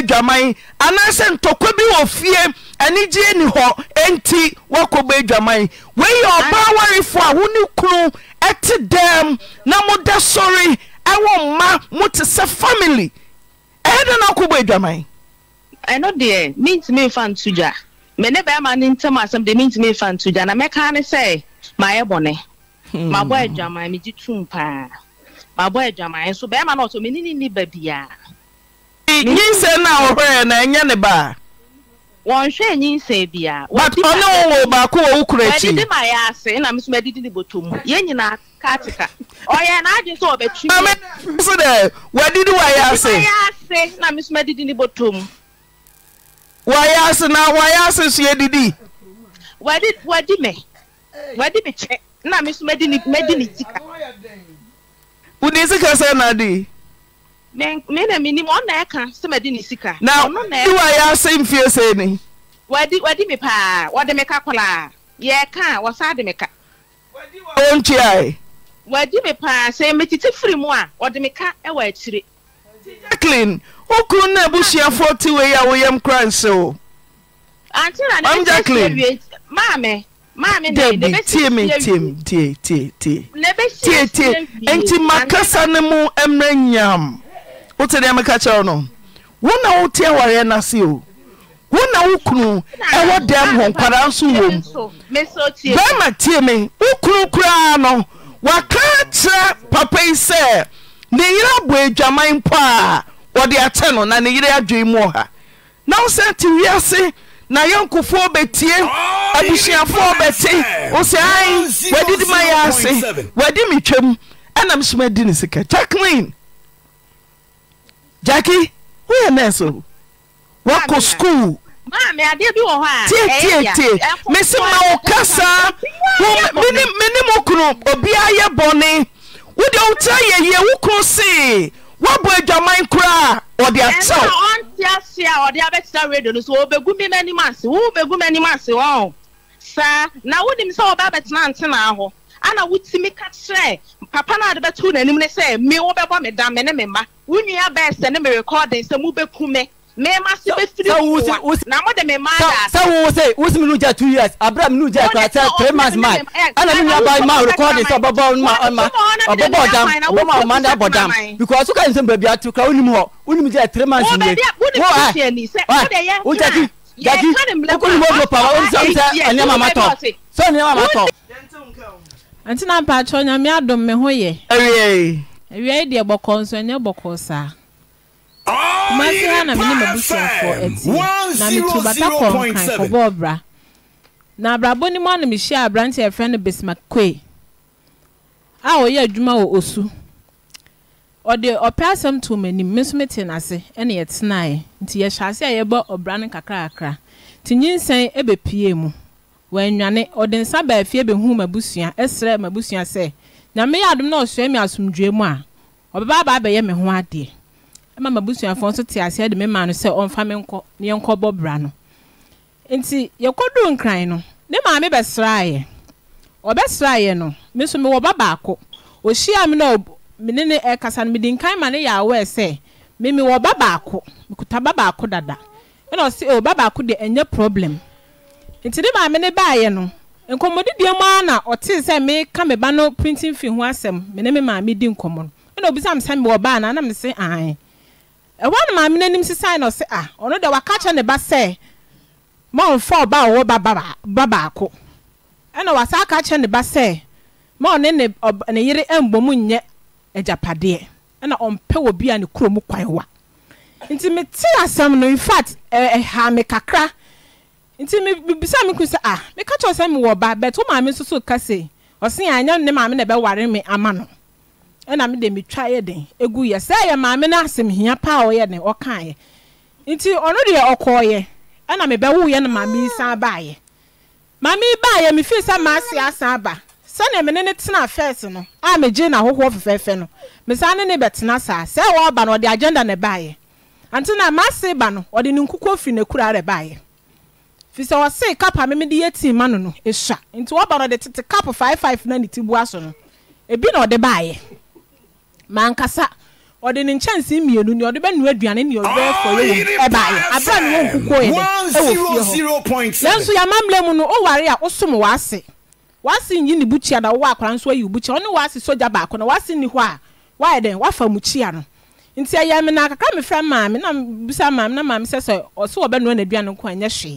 adwaman anaasɛ ntɔkwa bi wɔ fie anigye ni hɔ enti woakɔbɔ adwaman weiyɛ ɔbaa warefoɔ a wo ne kunu ɛte dɛm na moda sɔre ɛwɔ mma mote sɛ family ɛhɛ dɛ no akɔbɔ adwaman ɛno deɛ mentumi mfa nto gya mene bɛrima no ntam asɛm deɛ mentumi mfa nto gya na mɛka ne sɛ maayɛ bɔne hmm. mabɔ adwaman megye tom paa mabɔ adwaman nso bɛrima no ɔtɔ menini ni ba biaa nyinsɛ no a wɔhwɛ ɛ na ɛnyɛ ne baa wɔnhwɛ nyinsɛ bia but ɔne wowɔ baako wɔ wo kora akyi ma yɛ ase na mesom adidi ne bɔtɔ mu yɛn nyinaa katika ɔyɛ n'adwe sɛ ɔbɛtwi so dɛ wadidi wayɛ ase ase na mesom adidi ne bɔtɔ mu wayɛ ase na wayɛ ase so yɛdidi wadi wadi me wadi me kyɛ na mesom adi ne di ne sika wode sika sɛ na adi me na minim ɔna ɛka sɛ madi ne sika na iwa yɛ ase mfie sei ni wadi wadi me paa wɔde me ka kɔlaa yɛka a wɔsa de me ka wɔntuae wadi me paa sɛ metete firi mu a wɔde me ka ɛwɔ akyire jacqueline wokuru na abusuafoɔ te wei a woyam kora nse o ante na ne jacqueline maame maame na ne bɛ tie me tie me tie tie tie tie tie nti makasa ne mu mmerɛ nyam wote deɛ me ka kyerɛw no wo na woteaware nase o wo na wo knu wɔ dɛm ho nkwara nsowom bɛrima tie me wo knu koraa no waka kyerɛ papa yi sɛ ne yera boe dwaman po a wɔde atɛ no na ne yere adw muɔh na wosa te wiase na yɛnkufoɔ bɛtie abusuafoɔ bɛte wo sɛ ai wade di ma yɛ asead jakln jackie woyɛ eh, nurse o woakɔ school tietietie mese ma wo kasa mene mo kunu obiaa yɛ bɔne wode wotera yɛyie wo kunu see woabɔ adwaman koraa ɔde akyɛw saa na wonim sɛ wɔba bɛtena ntena hɔ ana wotumi ka kyerɛ papa no ade bɛto n'anim ne sɛ me wobɛbɔ me da me ne me mma wo nua bɛɛ sɛ ne me recording sɛ mobɛku me mema se bɛfiri wa na mode me ma sɛ wo sɛ wosimi no gya two years abra me no gya kra sɛ three months ma ana me nuaba ma recording sɛ ɔbɛbɔ ma ɔma ɔbɛbɔ dam ɔbɛma ɔma no abɔ dam because woka nsɛm baabi ato kra wonim hɔ wonim gya three months nie wo gyaki gyaki wokɔnim ɔbɔ pa wa wonsɛ wosɛ ɛnneɛma matɔ sɛ mama matɔ nti na mpakyɛ nyame adom me ho yɛ awie awie deɛ bɔkɔ nso ɛnyɛ bɔkɔ saa si ha na mene afọ eti na metu bata kɔ nkan kɔbɔɔ bra na abrabɔ no mu na mehyia aberante a yɛfrɛ no bismak koe a ɔyɛ adwuma wɔ osu ɔde ɔpɛ asɛm too m'anim me nso mete n'ase ɛna yɛtenaeɛ nti yɛhyɛ ase a yɛbɔ ɔbra no kakrakakra nti nyinsɛn ɛbɛpie mu wɔanwane ɔde nsa baa fie bɛhu m'abusua ɛsrɛ m'abusua sɛ nyame yɛ adom na ɔsua mi asomdwoe mu a ɔbɛba abaa bɛyɛ me ho adeɛ ɛma m'abusuafoɔ nso te aseɛ de me maa no sɛ ɔmfa me nkɔ ne yɛnkɔ bɔ bra no nti yɛkɔduru nkran no ne maame bɛsraeɛ ɔbɛsraeɛ no me nso mewɔ ba baako ɔhyia me na ne ne ɛkasa no mede nkan ma ne yɛ awɔ sɛ me mewɔ ba baako mekuta ba baako dada ɛna ɔse o ba baako deɛ ɛnyɛ problem nti ne maame ne baayɛ no nkɔmmɔdidiɛ mu ara na ɔte sɛ meka me ba no printing fee ho asɛm me ne me maame di nkɔmmɔ no ɛna obisa me sɛ mewɔ baa na na me se ae ɛhɔ no maame no anim sesae na ɔse a ah, ɔno deɛ waka ne ba sɛ ma ɔmfa ɔba ɔwɔ ba baako ɛna wasa aka kyerɛ ne ba sɛ ma ɔne ne ne yere mbɔ mu nyɛ agyapadeɛ ɛna ɔmpɛ wɔ bi a ne kurom kwan wa nti mete asɛm no infact ɛha me kakra nti mebisa me kun sɛ ah meka kyɛw sɛ wɔ ba bɛt wo maame soso kase ka se ɔse ne maame na ɛbɛware me ama no ɛna mede twa yɛ den egu yɛ sɛ yɛ maame na no asɛmhia paa ɔyɛ ne ɔka yɛ nti ɔno deɛ yɛ ɛna mebɛwoyɛ no maame yi san baayɛ maame yi ba baayɛ mefii sɛ maa maase asan aba sɛnea mene ne ne tena fɛs no a megye n'ahohoɔ fɛfɛɛfɛ no mesan ne ne bɛtena saa sɛ wɔaba no ɔde agenda na ba no ɔde ne nkukuo firi n'akura ara ɛbaayɛ fisɛ ɔse cup a meme de yɛ tii ma no no ɛsua nti wɔba no ɔde tete cup five five na ne ti bua so no ebi na ɔde baayɛ mankasa ɔde ne nkyɛnse mmienu ni ɔde bɛnua aduane ni ɔde bɛfɔ ah, yɛ wɔm ɛbaayɛ abira ne wɔn koko yɛ dɛ ɛwɔ fie hɔ nanso yamamlɛ mu no ɔware a ɔsom w'ase w'ase nyi ne bukyia na ɔwɔ akwara nso ayi bukyia ɔne w'ase sogya baako na w'ase ni hɔ a w'ayɛ dɛ w'afa mu kyia no nti ɛyɛ mi na kakra mi fɛ maame na bisa maame na maame sɛ sɛ ɔsi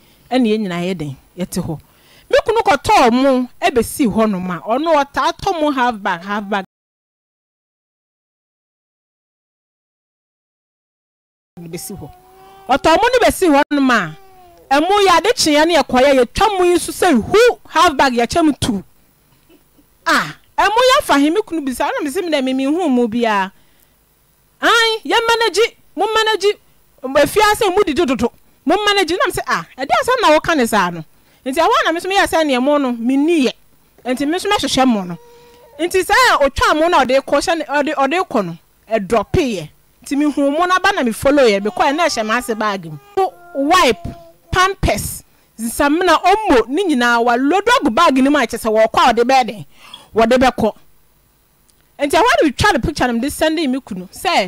ɛna yɛn nyinaa yɛ den yɛte hɔ me kunu kɔtɔɔ mu ɛbɛsi hɔnom a ɔno ɔtaa tɔ mu half bag half bag ne bɛsi hɔ ɔtɔɔ mu ne bɛsi hɔnom a ɛmu yɛ ade kyeɛ ne yɛkɔyɛ yɛtwa mu yi nso sɛ hu half bag yɛkyɛ mu tu a ɛmu yɛ afa hemi kunu bi sa ɔna mesi mi dɛ mimi hu mu biara an yɛ mmanagyi mu mmanagyi efiase mu didi dodo. momano gyi nam ah, sɛ a ɛde asɛm na wɔka ne saa no nti ahoa na memyɛsɛnemɛsɛ ɔtamnɔdekɔ no drɔpeɛ nti mehuu mo no ba namefoloɛ bɔɛnɛ hyɛ mase ba muipppɛsamenamne yina dgu ba no mkɛsɛ ɔdedetihe ae pia osɛm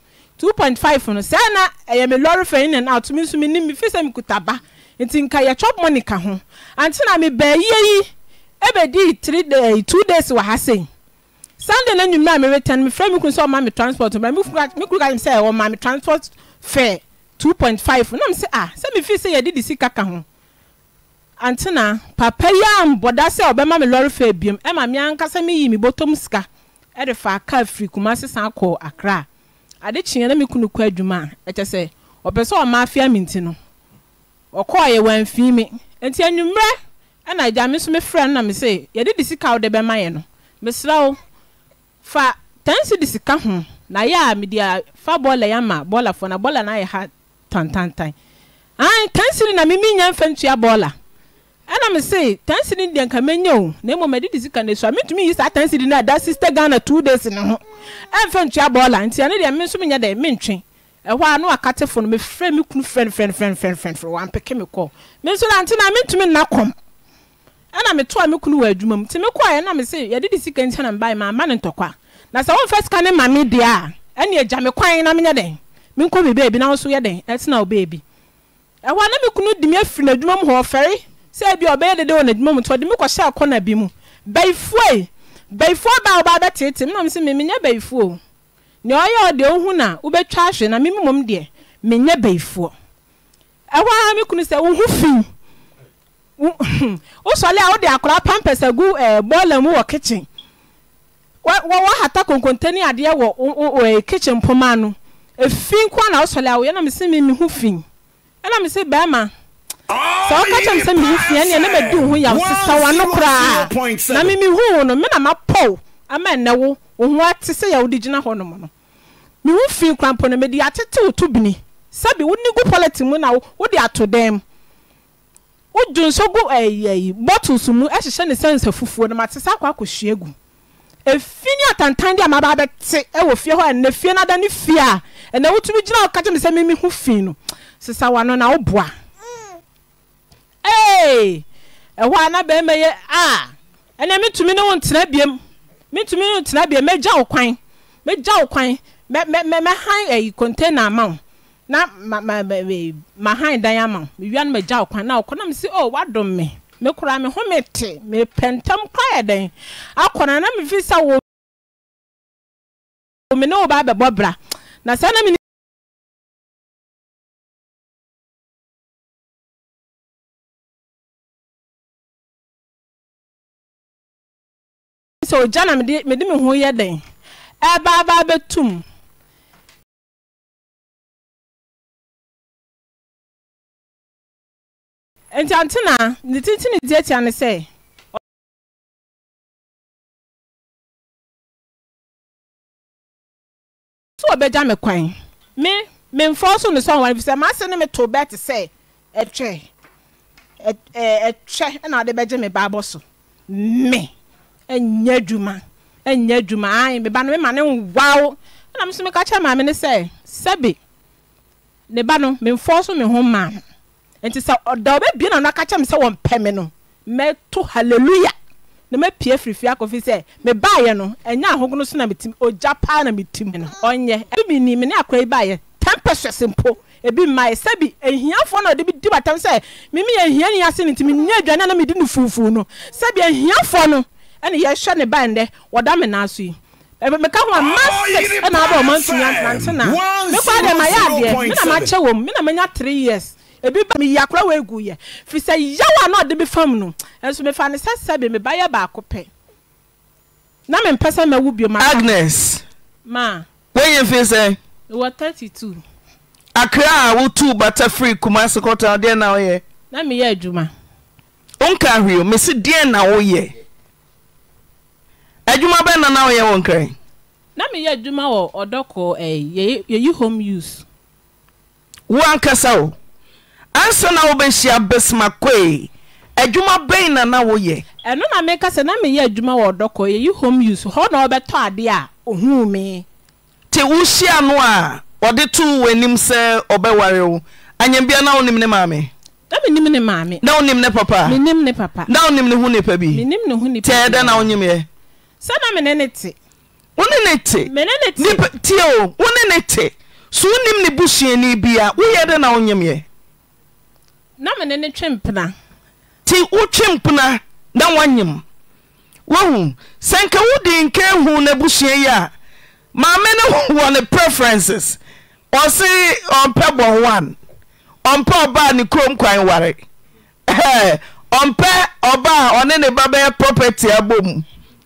two point five no sɛ na ɛyɛ mi lɔri fɛn ne na atumi nso mi ni mi fi sɛ mi kuta ba nti nka yɛ chop money ka ho anti na mi bɛɛ yie yi ebedi three day eh, two days wɔ ha sɛn sunday na enyimire a mi return mi fɛ mi kun sɛ ɔma mi transport ba mi kura mi kura sɛ ɔma mi transport fare two point five na mi sɛ ah sɛ mi fi sɛ yɛde di sika ka ho anti na papa yi a mbɔda sɛ ɔbɛma mi lɔri fɛ ebiem ɛma mi ankasa mi yi mi bɔtɔ mu sika ɛde fa kaa firi kumasi san kɔ akra ade kyeɛ na mekunu kɔ adwuma a ɛkyɛ sɛ ɔpɛ sɛ ɔma afia me nti no ɔkɔɔ yɛ wɔamfii me nti anwummerɛ ɛna agya me nso mefrɛ no na me sɛ yɛde de sika wode bɛma yɛ no mesrɛ wo fa tansi de sika ho na yɛ a mede a fa bɔɔla yɛ ama bɔɔlafoɔ na bɔɔla no ayɛ ha tantantan an tansi na mimi nya mfa ntua bɔɔla ɛna mi se tansi ni deɛ nka menya o na mmom ɛde de sika na esua metumi yi saa tansi na ada sista ghana two days ne ho ɛnfɛ ntua bɔɔla nti ɛne deɛ me nso menya dɛ me ntwe ɛhɔ ano akate fo no mefrɛ me kunu frɛn frɛn frɛn frɛn frɛn frɛn wampeke me kɔ me nso nante na mentumi nna kɔm ɛna metoa mi kunu wɔ adwuma mu nti mekɔɛ na mi se yɛde de sika nti na mbae maama ne ntɔkwa na sɛ wɔmfa sika ne ma me deɛ a ɛne agya me kwan na menyɛ dɛn menkɔ biribi a bi na wo so yɛ dɛn ɛtena wo baabi ɛhɔ a sɛ ọ ɔbɛyɛ dede wɔ n'adwuma mu nti ɔde me akɔna bi mu a sɛ nea ɔyɛ ɔde na wobɛtwa ahwe na me mmom deɛ menyɛ bayifoɔ ɛhɔ ara me kunu sɛ wo ho fii a wode akora pampɛs agu eh, bɔɔla mu wɔ kitchen hata adeɛ wɔ eh, kitchen poma na wosɔle a na me sɛ ɔka kyɛ me sɛ meho fia nea na madi ah. wo ho ya sesawa no kora namemehu o no menamapɔ manɛooho atesɛwode gyina hɔ no oo iika wos bottes mu hyehyɛ no sasa fufuo noate sɔa u ee ɛhɔ a na bɛrima yɛ a ɛnɛ metumi ne wo ntena biam metumi ne wo ntena biam mɛgya wo kwan mɛgya wo kwan mɛhan ayi container ama wo na mahan dan ama wo mewia no na wokɔ si o oh, woadom me mekora me ho mete mepɛntɛm yɛ dɛn na wo ne wo ba na sɛ na ogya na mede meho yɛ dan baabaa bɛtm ntantenaa e titine deatia ne sɛ s ɔbɛgya me kwan me memforɔw so ne s wae ii sɛ maase ne meto bɛte sɛ twɛ na wde bɛgye me baabɔ so me ɛnyɛ adwuma ɛnyɛ adwuma ayi meba no mema ne nwaw ɛna mo nso meka kyerɛ maame ne sɛ sɛbi ne ba no memfɔ so me ho maa no nti sɛ ɔda ɔbɛbie na ɔnaka kyerɛ me sɛ wɔmpɛ me no mɛto hallelujah na mɛpie firifiri akɔfi sɛ mebaayɛ no ɛnyɛ no so na metim ogya paa na metim no ɔnyɛ ɛbi ni me ne akɔ yi baayɛ ten pesos mpo ebi mmaayɛ sɛbi ehiafoɔ na ɔde bi di batam sɛ mimi yɛ ehia ni ase ne ti mi nyɛ aduane na mi di ne fufuo no sɛbi ehiafoɔ no ɛna yɛhwɛ ne ban dɛ wɔda me nan so yi meka ho a masters ɛna aba ɔma ntumi antena mekɔ adeɛ ma yɛ adeɛ mena makyɛ wɔ mu mena manya three years ebi ba mi yakora wo egu yɛ firi sɛ yawa na ɔde bi fam no nso mefa ne sɛ bi me ba yɛ baako pɛ na mi mpɛ sɛ mɛwu bi ma. agnes ma wɔnyɛ fi sɛ. wɔ thirty two. akra a wotu bata firi kumasi kɔtɔ adeɛ na ɔyɛ. na mi yɛ adwuma. nka ahwɛ o mesi deɛ na ɔyɛ. adwuma bɛn na na woyɛ wɔ nkran na meyɛ adwuma wɔ ɔdɔkɔ yɛyi home use wo ankasa wo ansa na wobɛhyia bɛsima koe adwuma bɛn na na woyɛ ɛno na meka sɛ na meyɛ adwuma wɔ ɔdɔkɔ yi home use hɔ na ɔbɛtɔ ade a ɔhuu me nti wohyia no a ɔde too w'anim sɛ ɔbɛware wo anyambia na wonim ne maame na nim ne maame na wonim ne papa nim ne papa na wonim ne ho nipa bi menim ne ho nipa tɛɛ dɛn na wonyemyɛ wone neeio wone ne te sɛ wonim ne busuani bia woyɛ dɛ na wonyemeɛ ti wotwe mpena na wonyem wohu sɛnka wodi nke hu na busua yi a maa me ne ho wɔne preferences ɔ se ɔmpɛ bɔwan ɔmpɛ ɔbaa ne kurom kwan ware ɔmpɛ ɔbaa ɔne ne babɛɛ property abɔ m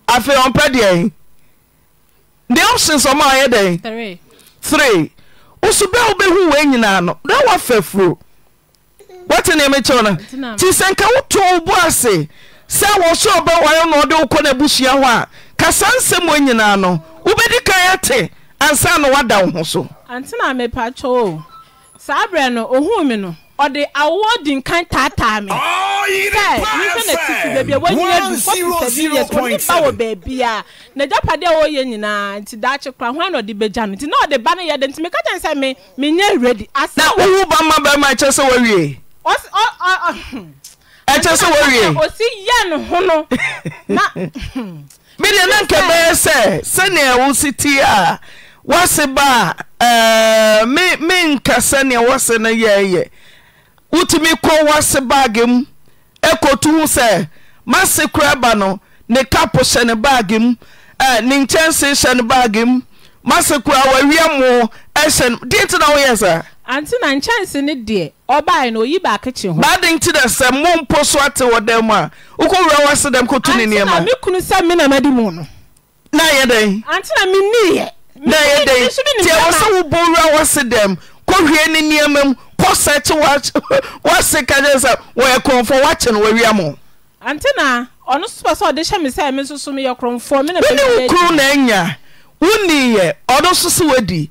afei ɔmpɛ deɛn the options ɔma ɔyɛ dɛn three woso bɛ wobɛhu wei nyinaa no na woafa furo wote neɛmekyɛw no nti sɛ nka woto wo bo ase sɛ wɔ so ɔbɛware na ɔde wokɔ no abusua hɔ a kasa nsɛm wɔ nyinaa no wobɛdi kan ate ansa na woada wo ho so saa berɛ no ohuu me no ɔde awoɔ di nka taataa me sɛ nipa na titi beebi a wɔnyina du forty seven years wɔn nipa wɔ beebi a na japadeɛ a wɔyɛ nyinaa nti daakye kora hwan na ɔde begya no nti na ɔde ba no yɛ de nti meka kyɛn sɛ me me nyɛ ready asa. na wowu ba ma bɛrima ɛkyɛ sɛ wɔwie. ɔsi ɔ ɔ ɛkyɛ sɛ wɔwie. osi yɛ ya ho no na. medeɛ na nkɛ bɛyɛ sɛ sɛnea wosi ti a wɔsi ba a ɛɛ me me nka sɛnea na ya yɛɛyɛ. wotumi ko wase baage mu ɛkɔtu ho sɛ mase kora ba no ne kapo hyɛ ne baage mu ne nkyɛnse hyɛ ne baage mu mase kora wawia mo hyɛ no deɛ nti na woyɛ saa ante na nkyɛnse no deɛ ɔbae no oyi baakekye ho baa de nti dɛ sɛ mo mpo so ate wɔ dɛn mu a wokɔwura wase dɛm kɔtu ne nneɛma me kunu sɛ na madi mu no na yɛ dɛn ante na menniiɛ na yɛ dɛn tiɛ wɔ sɛ wobɔ wura wase dɛm kɔhwie ne nneɛma mu kɔ sɛkye woase ka kyɛ sɛ wɔyɛ krɔmfoɔ woakye no wawia mɔ antna ɔno so sɛ ɔde hyɛ me sɛ me soso meyɛ krɔmfoɔ mene wo kuru na anya wonniiɛ ɔno so se woadi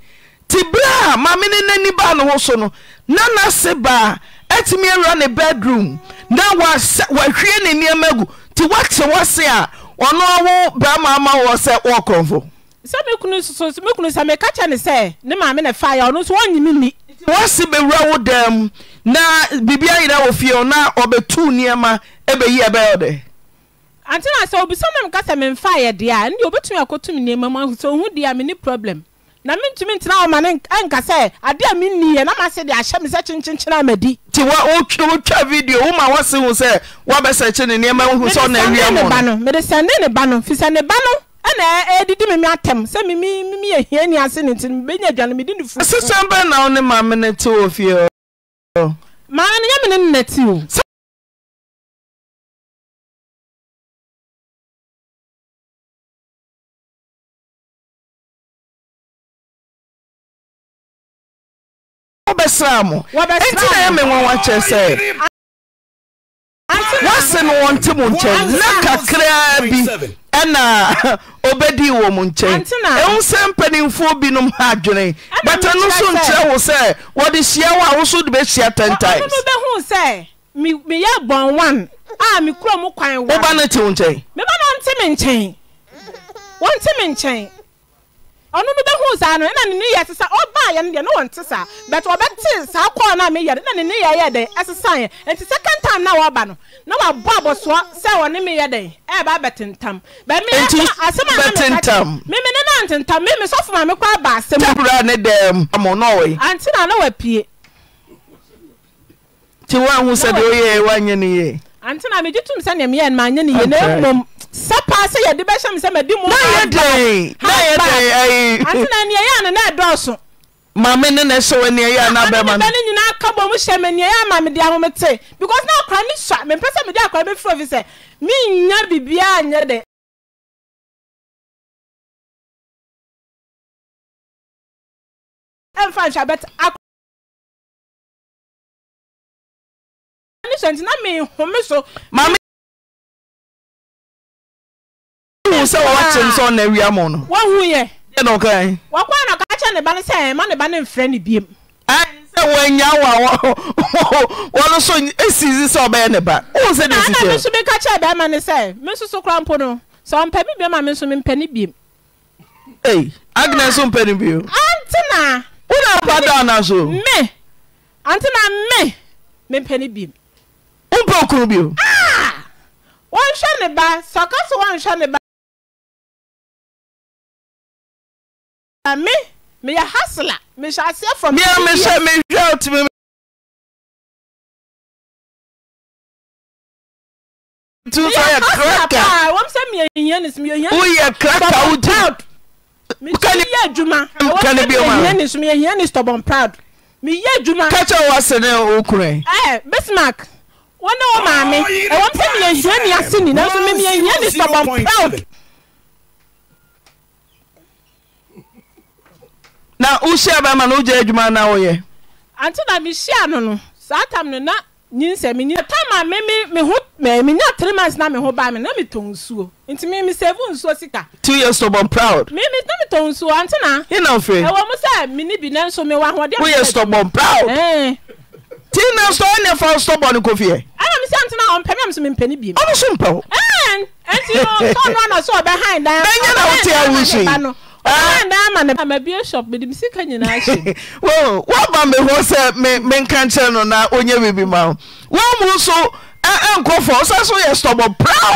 nti berɛ a ma mene n'ani baa ne ho so no na nase baa atumi awura ne bedroom na wahwie ne nnoɔma agu nti woakye a ɔno awo brama ama wɔ sɛ wɔkrɔmfo sɛ me kunu soso me kunu sɛ meka kyɛ ne sɛ ne maame na fa yɛ ɔno nso ɔnyimi ni. wɔsi bɛwura wo dɛm na biribi ayira wɔ fie na ɔbɛtu nneɛma ɛbɛyi ɛbɛyɛ ɔdɛ. ante na sɛ obi sɛm ka sɛ memfa yɛ deɛ a ndeɛ obɛtumi akɔtum nneɛma mu ahu sɛ ohu deɛ a menni problem na mentumi ntena ɔma ne nka sɛ adeɛ a menniɛ na mase de ahyɛ me sɛ kyenkyenkyena amadi nti wotwa video woma wose hu sɛ woabɛsɛkye ne nneɛma hu sɛ ɔna awia mu no mede sɛnde ne ba no firi sɛ ne ba no ɛnadedi me me atɛm sɛ memeyɛ hia ni ase ne nti mebɛnya adwano mede nefoɛsɛsa bɛ nawo ne maa me ne te ɔ fie ma ne no nyɛ mene ne na te owobɛsera mo ɛnti na ɛ mewɔ wakyerɛ sɛ se no wɔnte mo nkyɛn na kakraa bi ɛna obɛdii wɔ mo nkyɛn ɛhu sɛ mpanimfoɔ binom ha adwene bɛta no so nkyerɛ wo sɛ wɔde hyia wo a wo so de bɛhyia 10 times meyɛ bɔn one a mekuro mu kwan woba no te wo nkyɛn meba no nte me nkyɛn wɔnte me nkyɛn ɔno no bɛhu saa no ɛna ne ne yɛ sesa ɔbaa yɛ no deɛ no wɔn saa bɛtɛ ɔbɛte saa kɔɔ no a meyɛ no na ne ne yɛ yɛ dɛn ɛsesa yɛ nti second time na wɔba no na wabɔ abɔsoɔ sɛ wɔne me yɛ dɛn ɛɛba abɛtentam asɛm a na ne na ntentam mimi sɔfo ma kɔ aba asɛm. ne dɛm amɔ na na wapie. ti wa ahu sɛ de ne yɛ. ante na megye tom sɛdeɛ meyɛ nomanyɛ ne yenmm sa paa sɛ yɛde bɛhyɛ me sɛ made mo ant na nneayia ne no ɛdɔɔsobano nyinaa ka bomu hyɛ menneai a ma mede a mome te because ne akra ne sua mempɛ sɛ mede aka mɛfirfii sɛ mennya bibiaa nyɛ demfanhwɛt patient na mi home so. maame ihu sɛ wɔwɔ kyerɛ nsɔn na awia mu no. wahu yɛ. yɛ na ɔka yi. wakɔ na ɔka kyerɛ ne ba ne sɛ ɛma eh, ne ba ne nfrɛ ne biem. ɛn sɛ wɔnya wɔ a wɔn so esizi sɛ ɔbɛyɛ ne ba. ohun sɛ de si kyerɛ. ɛna mi nso mi ka kyerɛ bɛrima ne sɛ mi nso so kura mpo no sɛ ɔmpɛ mi biem a mi nso mi mpɛ ne biem. ee agnes nso mpɛ ne biem. antina. mi antina mi mi wopɛ kbwnhwɛ ah! ne ba sɛ ɔkaso wɔhwɛ ne bame meyɛ hasela mehɛ seɛ fɛehɛɛɛ mene oyɛ kaene sp meyɛ dwuas wọn maame ẹwọn sẹ mi yẹn hiẹ ni ase ni nanso mi yẹn hiẹ ni stubborn proud. na wohyia bɛma no wogya adwuma na woyɛ ante na mehyia no no saa tam no na nyinsɛ menyi tam a me me me ho menya three months na me ho ba me na metɔ nsuo nti me mesɛvu nsuo sika two years stubborn proud me me na metɔ nsuo ante na hena mfiri ɛwɔ mo sɛ mene bi nanso mewɔ ahoɔden woyɛ stubborn proud tina stɔ ne fa stubborn kofiɛ nso mpɛɛnya na wotea woswoaba me hɔ sɛ menka kyerɛ no na onya bibi ma womu so nkɔfo osɛ so yɛ stɔbɔ praw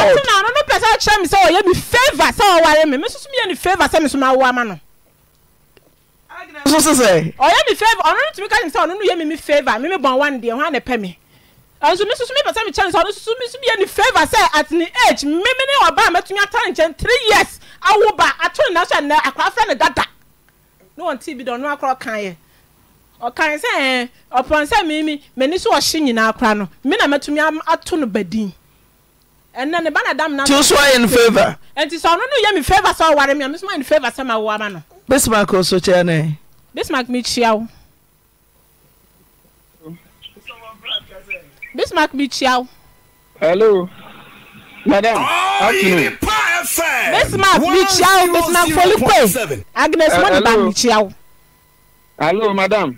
nso mi soso mi pɛ sɛ mi kyɛn sɛ ɔno favour sɛ at ne age mímí ne ɔbaa mɛtumi ata ne nkyɛn three years awo ba ato ne naso ɛnɛ akora fɛ ne dada ne wɔn ti bi da ɔno akora kan yɛ ɔkan sɛ ɛɛ ɔpɔn sɛ mímí mɛni so ɔhye nyinaa akora no mi na mɛtumi ato no badin ɛnɛ ne ba na dam na. tí o so ayɛ ne favour. nti sɛ ɔno no yɛ mi favour sɛ ɔware mi a mi nso ayɛ ne favour sɛ ma wo ama no. bismarck o so kyɛn ne. bismarck mi kyia o. bismarck michiaw. hello madam afternoon. bismarck michiaw bismarck folikwe agnes uh, moniba michiaw. hello madam.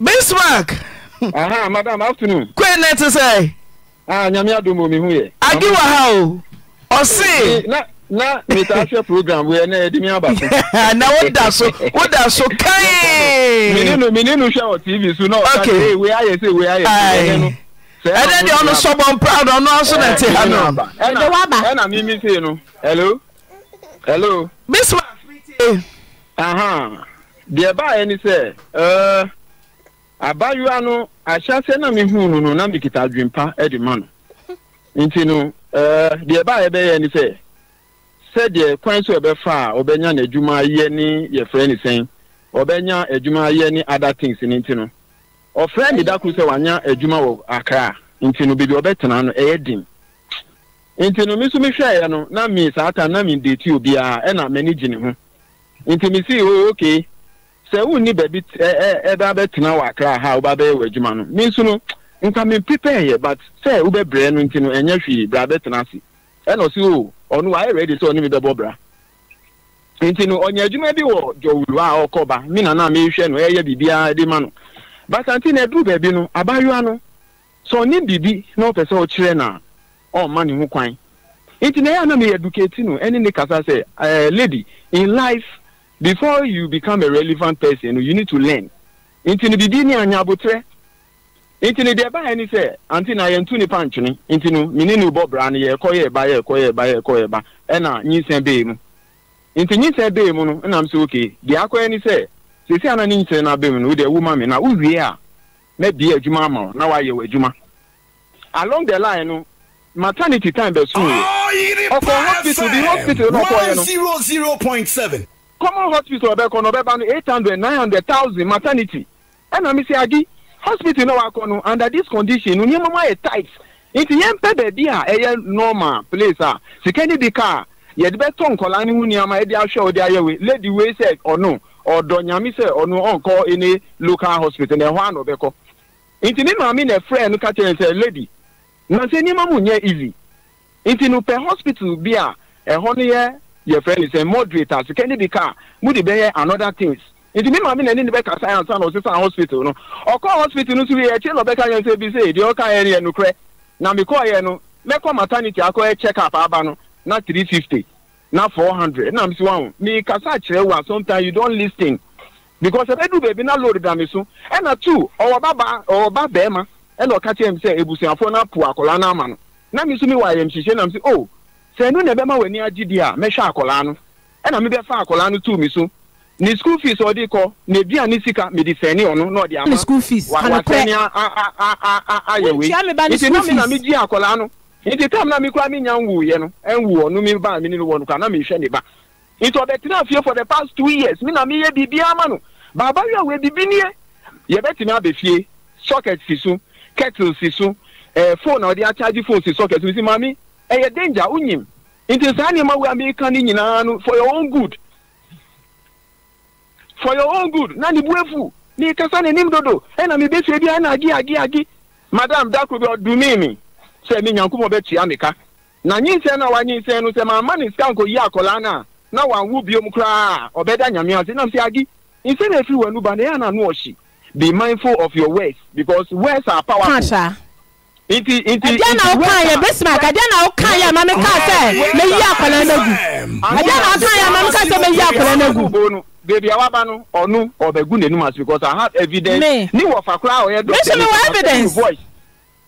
bismarck. aha madam afternoon. kwe ne ti sẹ. ah nyami adumu mi hu yẹ. agi wa o ọsìn. na na mita ahwẹ program wẹ na ẹdi mi aba so. na woda so Woda da so kẹ́ẹ̀. mi nínú mi nínú tv so náà ọ̀sán ṣe ìwé ayẹ̀sẹ̀ ìwé ayẹ̀sẹ̀ ẹ̀yẹ nínú. ɛnɛ deɛ ɔno sɔbɔ mpra no ɔno na ɛte ha no ɛna mimi se no aha deɛ ne sɛ eh, abayewa no na mehu no no na mekita adwempa de ma no nti no eh, deɛ bɛyɛ ne sɛ sɛdeɛ kwan so a ɔbɛnya n'adwuma yɛ ne yɛfrɛ ne sɛn ɔbɛnya adwuma yɛ ne ɔfrɛ ne da sɛ wanya adwuma wɔ akra nti no biribi ɔbɛtena no ɛyɛ dim nti no me nso mehwɛeɛ no na me saa na obiara ɛna m'ani gye ne ho nti mesii o oh, ok sɛ wonni baabi wɔ akra ha woba bɛyɛ wɔ adwuma no me nso no nka but sɛ wobɛbrɛ no nti no ɛnyɛ hwee bra bɛtena ase ɛna o oh, ɔno sɛ ɔne me bɛbɔ bra nti no adwuma bi wɔ dɔwuru a ɔkɔba me nana mehwɛ no basanti na eduru baabi no abaayewa no sɛ ɔne biribi na ɔpɛ sɛ ɔkyerɛ na ɔma ne ho kwan nti na ɛyɛ anam yɛ educate no ɛne ne kasa sɛ ɛɛ eh, lady in life before you become a relevant person you need to learn nti no biribi ne anya abotire nti no deɛ ɛbaayɛ ne sɛ anti na yɛntu ne pantwene nti no mene ne bɔ bra no yɛkɔ yɛ ba yɛkɔ yɛ ba yɛkɔ yɛ ba ɛna nyinsɛn bee mu nti nyinsɛn bee mu no ɛnam sɛ okay deɛ akɔyɛ ne sɛ sisi ana ne nkyɛn n'abɛm no wode ɛwoma me na wowie a mɛbie adwuma ama wo na woayɛ w'adwuma along the line no maternity time bɛsoo ɔkɔ hospital bi hospital no ɔkɔyɛ no common hospital ɔbɛkɔ no ɔbɛba no eight hundred nine hundred thousand maternity ɛna me sɛ adi hospital no wakɔ no under this condition no nneɛma mu ayɛ tight nti yɛmpɛ baabi a ɛyɛ normal place a sika ne di kaa yɛde bɛtɔ nkɔla ne ho nneɛma ɛde ahwɛ ɔde ayɛ we lady wei sɛ ɔno oh ɔdɔ nyame sɛ ɔno ɔnkɔ ne local hospital na ɛhɔ ano bɛkɔ nti ne maame na ɛfrɛ no ka lady na sɛ nneɛma mu nye izi nti no hospital bi a ɛhɔ no yɛ yɛfrɛ no sɛ moderate bi ka mu ya bɛyɛ another things nti maame na kasa na hospital no hospital bi na mi no maternity na four hundred ɛna msi wɔn mi kasa akyerɛ wa sometimes you don lis ten because ɛbɛdu baabi na load da mi so ɛna two ɔwɔ baba ɔwɔ ba bɛrima ɛna ɔka kyerɛ mi sɛ ebusuafo na po akɔla na ama no na mi nso mi wɔ ayɛmhyehyɛ na mi sɛ oh sɛ ɛnu na ɛbɛma wɔn ani agye di a mɛhwɛ akɔla no ɛna mi bɛfa akɔla no too, mi so ne school fees ɔde kɔ na a ne sika mede sɛni ɔno na ɔde ama wa wa sɛni ayɛ wei nti ne mi na mi gye akɔla no nti tam na mi kura mi nya nwuiɛ no ɛnwu ɔno mi ba mi ni wɔ no kura na mi hwɛ ne ba nti ɔbɛtena fie for the past two years mi na mi yɛ biribi ama no baabawi awo ebibi nie yɛbɛtumi abɛ fie socket si so kettle si so ɛɛ eh, phone a ɔde akyaagye phone si socket mi si maami ɛyɛ eh, danger unyim nti saa nneɛma wo a mi ka ne nyinaa no for your own good for your own good na ne bu efu ne kasa ne nim dodo ɛna eh, mi bɛ fie bi ɛna agi agi agi madam dakuro bi ɔdumi mi sɛ me nyankopɔn bɛtua me ka na nyinsɛn no wanyinsɛn no sɛ maama ne sika nkɔyi akɔlaa no na wanwo biom koraa ɔbɛda nyame ase nam sɛ agi nsɛn na ɛfiri w'anu ba na ɛyɛ anano be mindful of your words because words are powerful nti nti ɛdiɛ na ɔka yɛ bismak ɛdiɛ na ɔka yɛ ma mi ka sɛ meyi akɔlaa no gu ɛdiɛ na ɔka yɛ ma mi ka sɛ meyi akɔlaa no gu beebi a waba no ɔno ɔbɛgu n'anim as because i have evidence ne wɔfa koraa ɔyɛ dɔ ɛdiɛ na ɔka yɛ voice.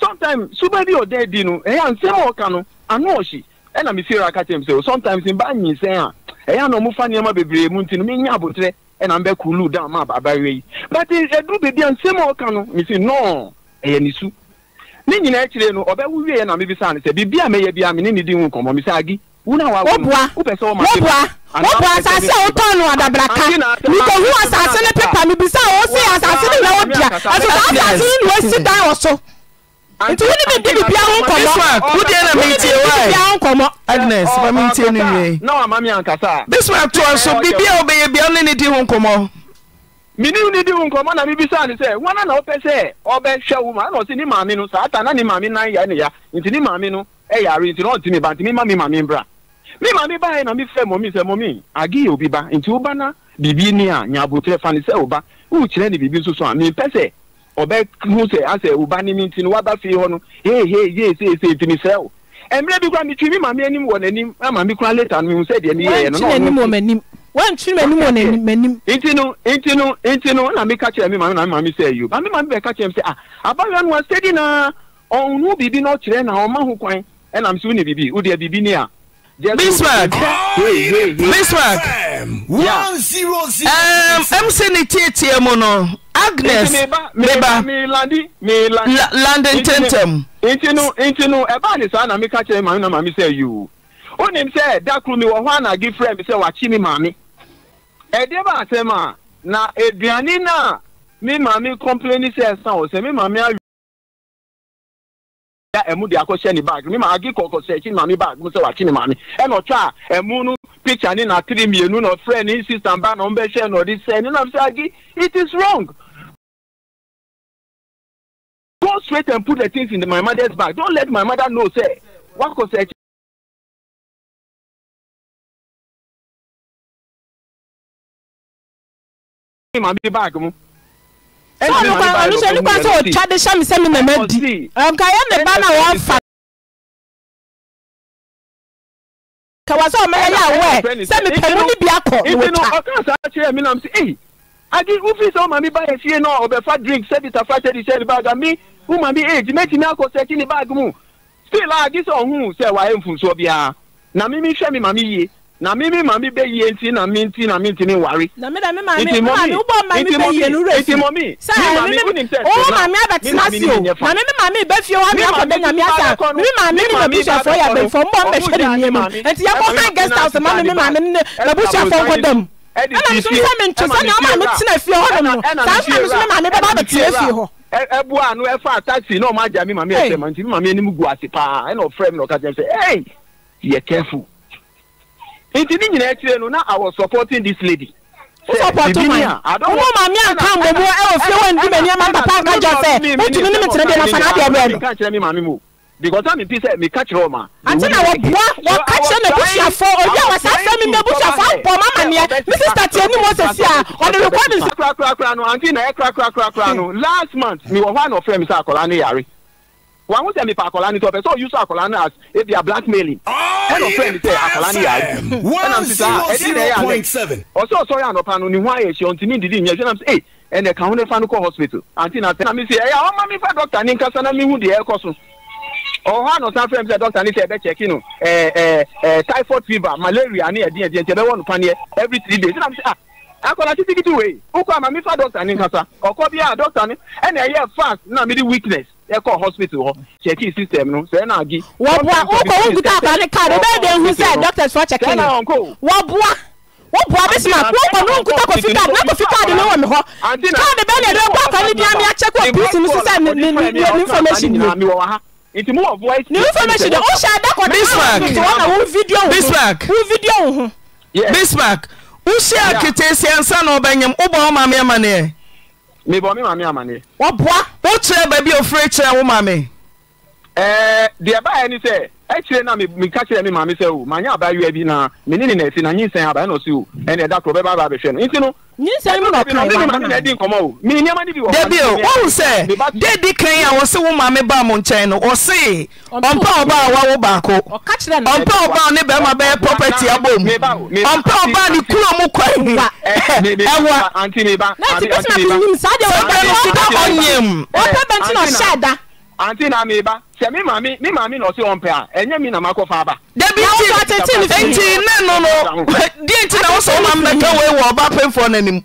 sometimes suba bi ɔda di no ɛyɛ nsɛm a ɔka no ano ɔhye ɛna me fie raka kyerɛ me sɛ sometimes mba nyinsɛn a ɛyɛ na ɔmofa nneɛma bebree mu nti no menya abotrɛ ɛna mbɛ kulu down ma ababaayewa yi but ɛduru beebi a nsɛm a ɔka no me si nɔɔ ɛyɛ ne su ne nyinaa akyire no ɔbɛwo wie yɛ na mebisa no sɛ biribi a mɛyɛ biara me ne ne di ho nkɔmmɔ me sɛ agi wona wawobua wobua wobua asase a wotɔn no adabraka nkohu asase ne pepa mebisa a wɔse asase ne na wodua ɛso saa asase ne na wasi dan wɔ so nti wone bɛdi bibia ho nkɔmmɔ agnes oh, ma mentie oh, no oh, wie bismark toa so eh, bibia wobɛyɛ bia ne ne di ho nkɔmmɔ menim ne di wo nkɔmmɔ na mebisa ne sɛ wana na wopɛ sɛ ɔbɛhwɛ wo ma na ɔse ne maame no saa na ne maame nan yɛ ne ya nti ne maame no ɛyare nti na ɔntimi ba nti mema mi maame bra me maame baɛ na mefrɛ mɔmi sɛ mɔmi age yɛ obi ba nti na biribi ni a nya abotire fa ne sɛ woba wokyerɛ ne biribi nso so a sɛ ɔbɛhu sɛ asɛ ɔba ne mi nti no waba fie hɔ no hehe yie seesei nti mesrɛ wo mmerɛ bi kora metwi me maame anim wɔ n'anim ama me kora leta no mehu sɛ deɛ meyɛɛ no nti no nti ntinu ntinu ntinu na meka kyerɛ me maame na me maame sɛ ayo ba me maame bɛka kyerɛ m ah abayewa no asɛdi na ɔno bibi na ɔkyerɛ na ọma ho kwan ɛnam sɛ wo ne biribi wodeɛ biribi ni a bismark fm one zero zero. mc ni tiẹtiẹ mu no agnes meba lande ntẹntẹm. ntinu ntinu ẹ bá ní sáà na mi ká kyerẹ maami na maami sẹ yìí o ó ní sẹ dákúrú mi wọ hɔ anagi fúrẹ mi sẹ wà kí mi maami ẹdí bá a sẹ ma na aduane náà mi maami kọ́mpléni sẹ ẹ sàn sẹ mi maami ayọ na ɛmu de akɔhyɛ ne mi maa agi kɔkɔ sɛ ɛkyi ne maame baage mu sɛ wakyi ne maame ɛna ɔtwa a ɛmu no picture ne na tiri mmienu na ɔfrɛ ne sisan ba na ɔmbɛhyɛ na ɔde sɛ ne nam sɛ agi it is wrong go straight and put the things in the, my mother's bag don't let my mother know say wakɔ sɛ ɛkyi. maame baage mu ọlùkọ ọlùsọ nípa sọ ọtwa de sami sẹmi nà mẹ di nka yẹn ne ba na wọn fa. kàwáṣọ ọmọ ẹ yà wẹ sẹmi pẹlú níbi akọ ìwé ta. ọkàn sáà ṣe ẹ̀mí náà sí ẹ̀yìn adi ufi sọ maami ba esi yẹn náà ọbẹ fa drink sẹbi ta fa tẹdi sẹbi baaga mi wọ́n maami eight méjì mi akọ sẹ́kì ní báàgì mu still a adi sọ ọ̀hún sẹ́ wàá ẹ̀ nfunso bíi a na mímí hwẹ́ mi maami yie na mímí màmí bẹ yie ntí na mí ntí na mí ntí ni wari. na mi da mi maami mi maami wúbọ maami bẹ yie nu rẹ si sáyà mi mi owó maami abẹtí n'asi o na mi mi maami bẹ fi ọwọ́ mi akọ bẹ nyami asa mi mi maami mi na busu afọ yà bẹ fọ mbọ mbẹ fẹ de nìyẹn mu nti yà kọ hàn guest house ma mi mi maami mi na busu afọ nkọ dẹmu ẹnna mi sọ mi ntọ sani ọmọ mi tina fi ọhọ nínú sáà mi sọ mi maami bẹ bá bẹ tiẹ fi họ ɛbu anu ɛfa taxi náà ɔmá jà mí maami ɛsɛ mọ nti mi maami ɛnimu gu ase paa ɛnna ɔfrɛ mi na ɔka jẹ sɛ ɛy yɛ kɛfu nti ne nyinaa akyire no na i was supporting this lady. wosɔpɔto ma ɔmo maame anka mbomu ɛwɔ fie wɔ ndi mani ama papa anka gya sɛ wotumi ne metere deɛ nafa n'adeɛ bɛɛ no because I'm in peace. Me catch Roma. Until I was born, I catch on the bush for. Oh yeah, was I from the bush for? Poor mama niya. Mrs. Tatiani Moses here. On the recording. Crack, crack, crack, no. Until na crack, crack, crack, crack, no. Last month, me was one of friends. I call Aniyari wà ń tẹ̀mí pa Akolani tó fẹ́ so use Akolani as if they are blackmailing. Oh, end of friend sẹ Akolani yà á di. one ah, zero zero point seven. ọ̀sẹ̀ oh, ọ̀sọ́rọ̀ ànọ̀panu ni wọ́n á yẹ ṣe ọ̀ntì ní ìdílé yẹn ṣé náà ṣe ẹnẹ kan wọn fa no kọ hospital àti na tẹnami sẹ ẹ yà ọmọ mi fẹ dọkítà ní nkasa náà mi hu deẹ ẹkọ so ọhọ ànọ̀tà fẹ́ mi sẹ dọkítà ní sẹ ẹ bẹ chẹ́kì nù ẹ ẹ ẹ typhoid fever malaria ní ẹ̀dín ẹ̀dín ẹ̀dín ẹ bẹ wọ́n nù paneẹ every three days ṣé náà ṣe ah akɔla ti tikiti wei ukọ àmàmífà dọkítà ní nkasa ọkọ bíi ah dọkítà ní ẹnna ẹ yẹ fast náà mi di weakness ɛkɔ hospital hɔ checking system no sɛ ɛna agi. wɔboa wokɔ wo guta akwade card wobɛyɛ de hu sɛ doctors fɔ checking no wɔboa wɔboa bisima wɔkɔ no nkuta kɔfi card na kɔfi card no wɔ me hɔ card bɛɛ na ɛde bɔ akɔ ne bia me akyɛ kɔ polisi no so sɛ ne ne ne ne information no nti mu wɔ information de o hyɛ adakɔde sɔrɔ nti wɔn na wo video wo ho wo video bismarck mebɔ mi maame amaneɛ wɔboa wokyerɛ baabi ofiri kyerɛ wo maame ɛɛ deɛ baeɛ ne sɛ ekyire na meka mi me mi sɛ o oh, manyɛ abaayewa bi na mene ni nɛse na nyinsɛn abaɛ na ɔse o ɛne ɛda korɔ bɛba abɛhwɛ no nti no dabi o wohu sɛ dɛ di kan a wɔse wo maame baa mo nkyɛn no ɔse ɔmpa ɔbaa wawo baako ɔmpa ɔbaa ne bɛrima bɛyɛ property abɔ mu ɔmpa ɔbaa ne kuro mu kwan ɛwa sɛ bɛno sida ɔnyam ɔpɛ bɛnti na ɔhyɛ da anti na meba sɛ me maame mi maame na ɔse ɔmpɛ a ɛnyɛ mi na makɔ fa aba. dabi nti nti ne no no diɛ nti na wosɔn ma mbɛka wei wɔ ɔba pɛnfoɔ n'anim.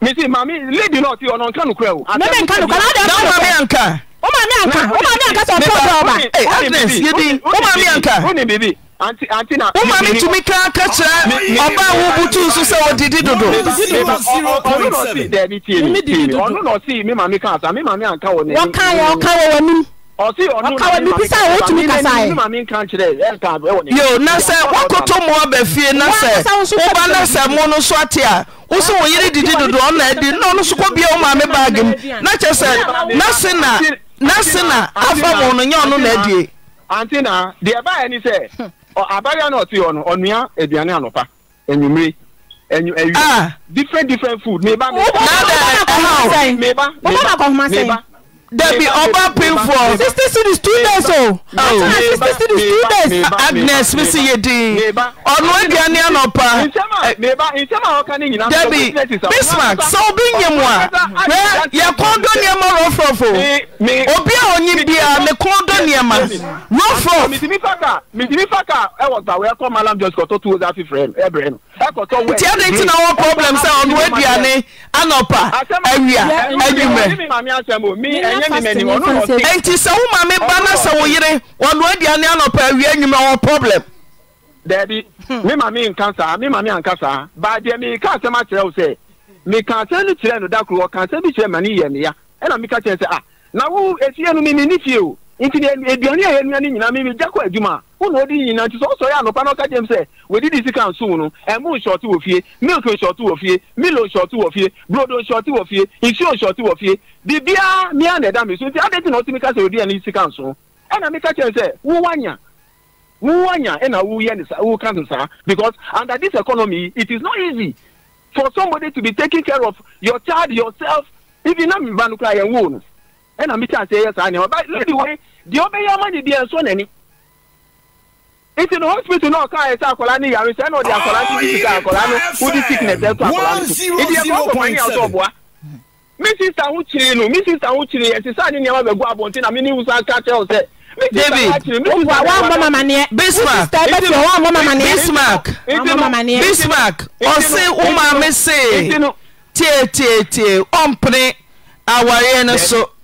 misi maame lady náà ti ɔnà nka nukura o. ne bɛ nka nukura n'ade nka nukura. maame anka. o maame anka o maame anka sɔ pɔtɔ ɔba. ɛ adnes yedi o maame anka. o ni bibi ụmụ me tumi ka ka kyerɛ ɔba wo butu so sɛ wɔdidi dodo yo na sɛ woakoto mmoa ba fie na sɛ woba na sɛ mo no so ate a wo so wo yere didi dodo ɔna adi na ɔno so kɔbia wo maame baage m na kyɛ sɛ na se na na se na afa mo na adie abayewa náà ti ọ̀nù ọ̀nùyà aduane ànọ̀pá ẹ̀nyùmírí ẹ̀nyù ẹ̀yù different different food mèba mèba mèba mèba mèba debi ọba pinfo sixty students two days o oh. ọtúnà sixty students two days agnes bisi yé dín ọ̀nù aduane ànọ̀pá eh. debi bismarck sọ obi nyẹ mu a yẹ kọ́ ndó ní ẹ mọ rọ̀fọ̀fọ̀ obi a onyi bi a ne kɔn dɔ nneɛma rofo. mitimi faka mitimi faka ɛwɔ gba wɛ kɔ malam jɔsi kɔtɔ tuwo gafi frɛ no ɛbrɛ no ɛkɔtɔ wɛ. tiɛ de ti na wɔn problem sɛ ɔnu eduane anɔpa ɛwia ɛnyimɛ. ɛnti sɛ wo maame ba na sɛ wo yere ɔnu eduane anɔpa ɛwia ɛnyimɛ ɔwɔ problem. dɛbi mi maame nka saa mi maame anka saa baadeɛ mi ka asɛm akyerɛ wo sɛ mi ka asɛm no kyerɛ no dakoro wɔ ka asɛm bi kyerɛ ma ne yɛ ne mi ka kyerɛ sɛ ah na wo efie no mi mi ni fie o nti eduane a yɛnua no nyinaa mi mi gya kɔ adwuma wo na odi nyinaa nti sɛ ɔsɔre anɔpa na ɔka gyem sɛ wɔdidi sika nsom no ɛmo nhyɔte wɔ fie milk nhyɔte wɔ fie milo nhyɔte wɔ fie brodo nhyɔte wɔ fie nsuo nhyɔte wɔ fie biribiara mia na ɛda mi so nti adɛ ti na ɔtumi ka sɛ odi ɛne sika nsom ɛna mi ka kyerɛ sɛ wo wanya wo wanya ɛna e wo yɛ ne sa wo ka ne saa because under this economy it is not easy for somebody to be taking care of your child yourself even na mi ba no kora yɛn wo no ɛna mi ti ase yɛ saa nìyɛn ɔba lady wɔ deɛ ɔbɛyɛ ama ne deɛ nso n'ani nti no hospital náà ɔka ayɛsɛ akwaraa ne yare sɛ ɛna ɔde akwaraa ti sika akwaraa no wodi ah, sickness ɛto akwaraa no so ɛdi ɛkɔ ɔkɔ mani ɔtɔ ɔboa mi sista ho kyiri no mi sista ho kyiri ɛsi saa ne nneɛma bɛgu abɔnten na mi ni wusa ka kyerɛw sɛ david wa wa mọ mama niẹ bismarck bismarck bismarck ọsẹ mi sè tiẹ tiẹ tiẹ ọmpere awareɛ no so.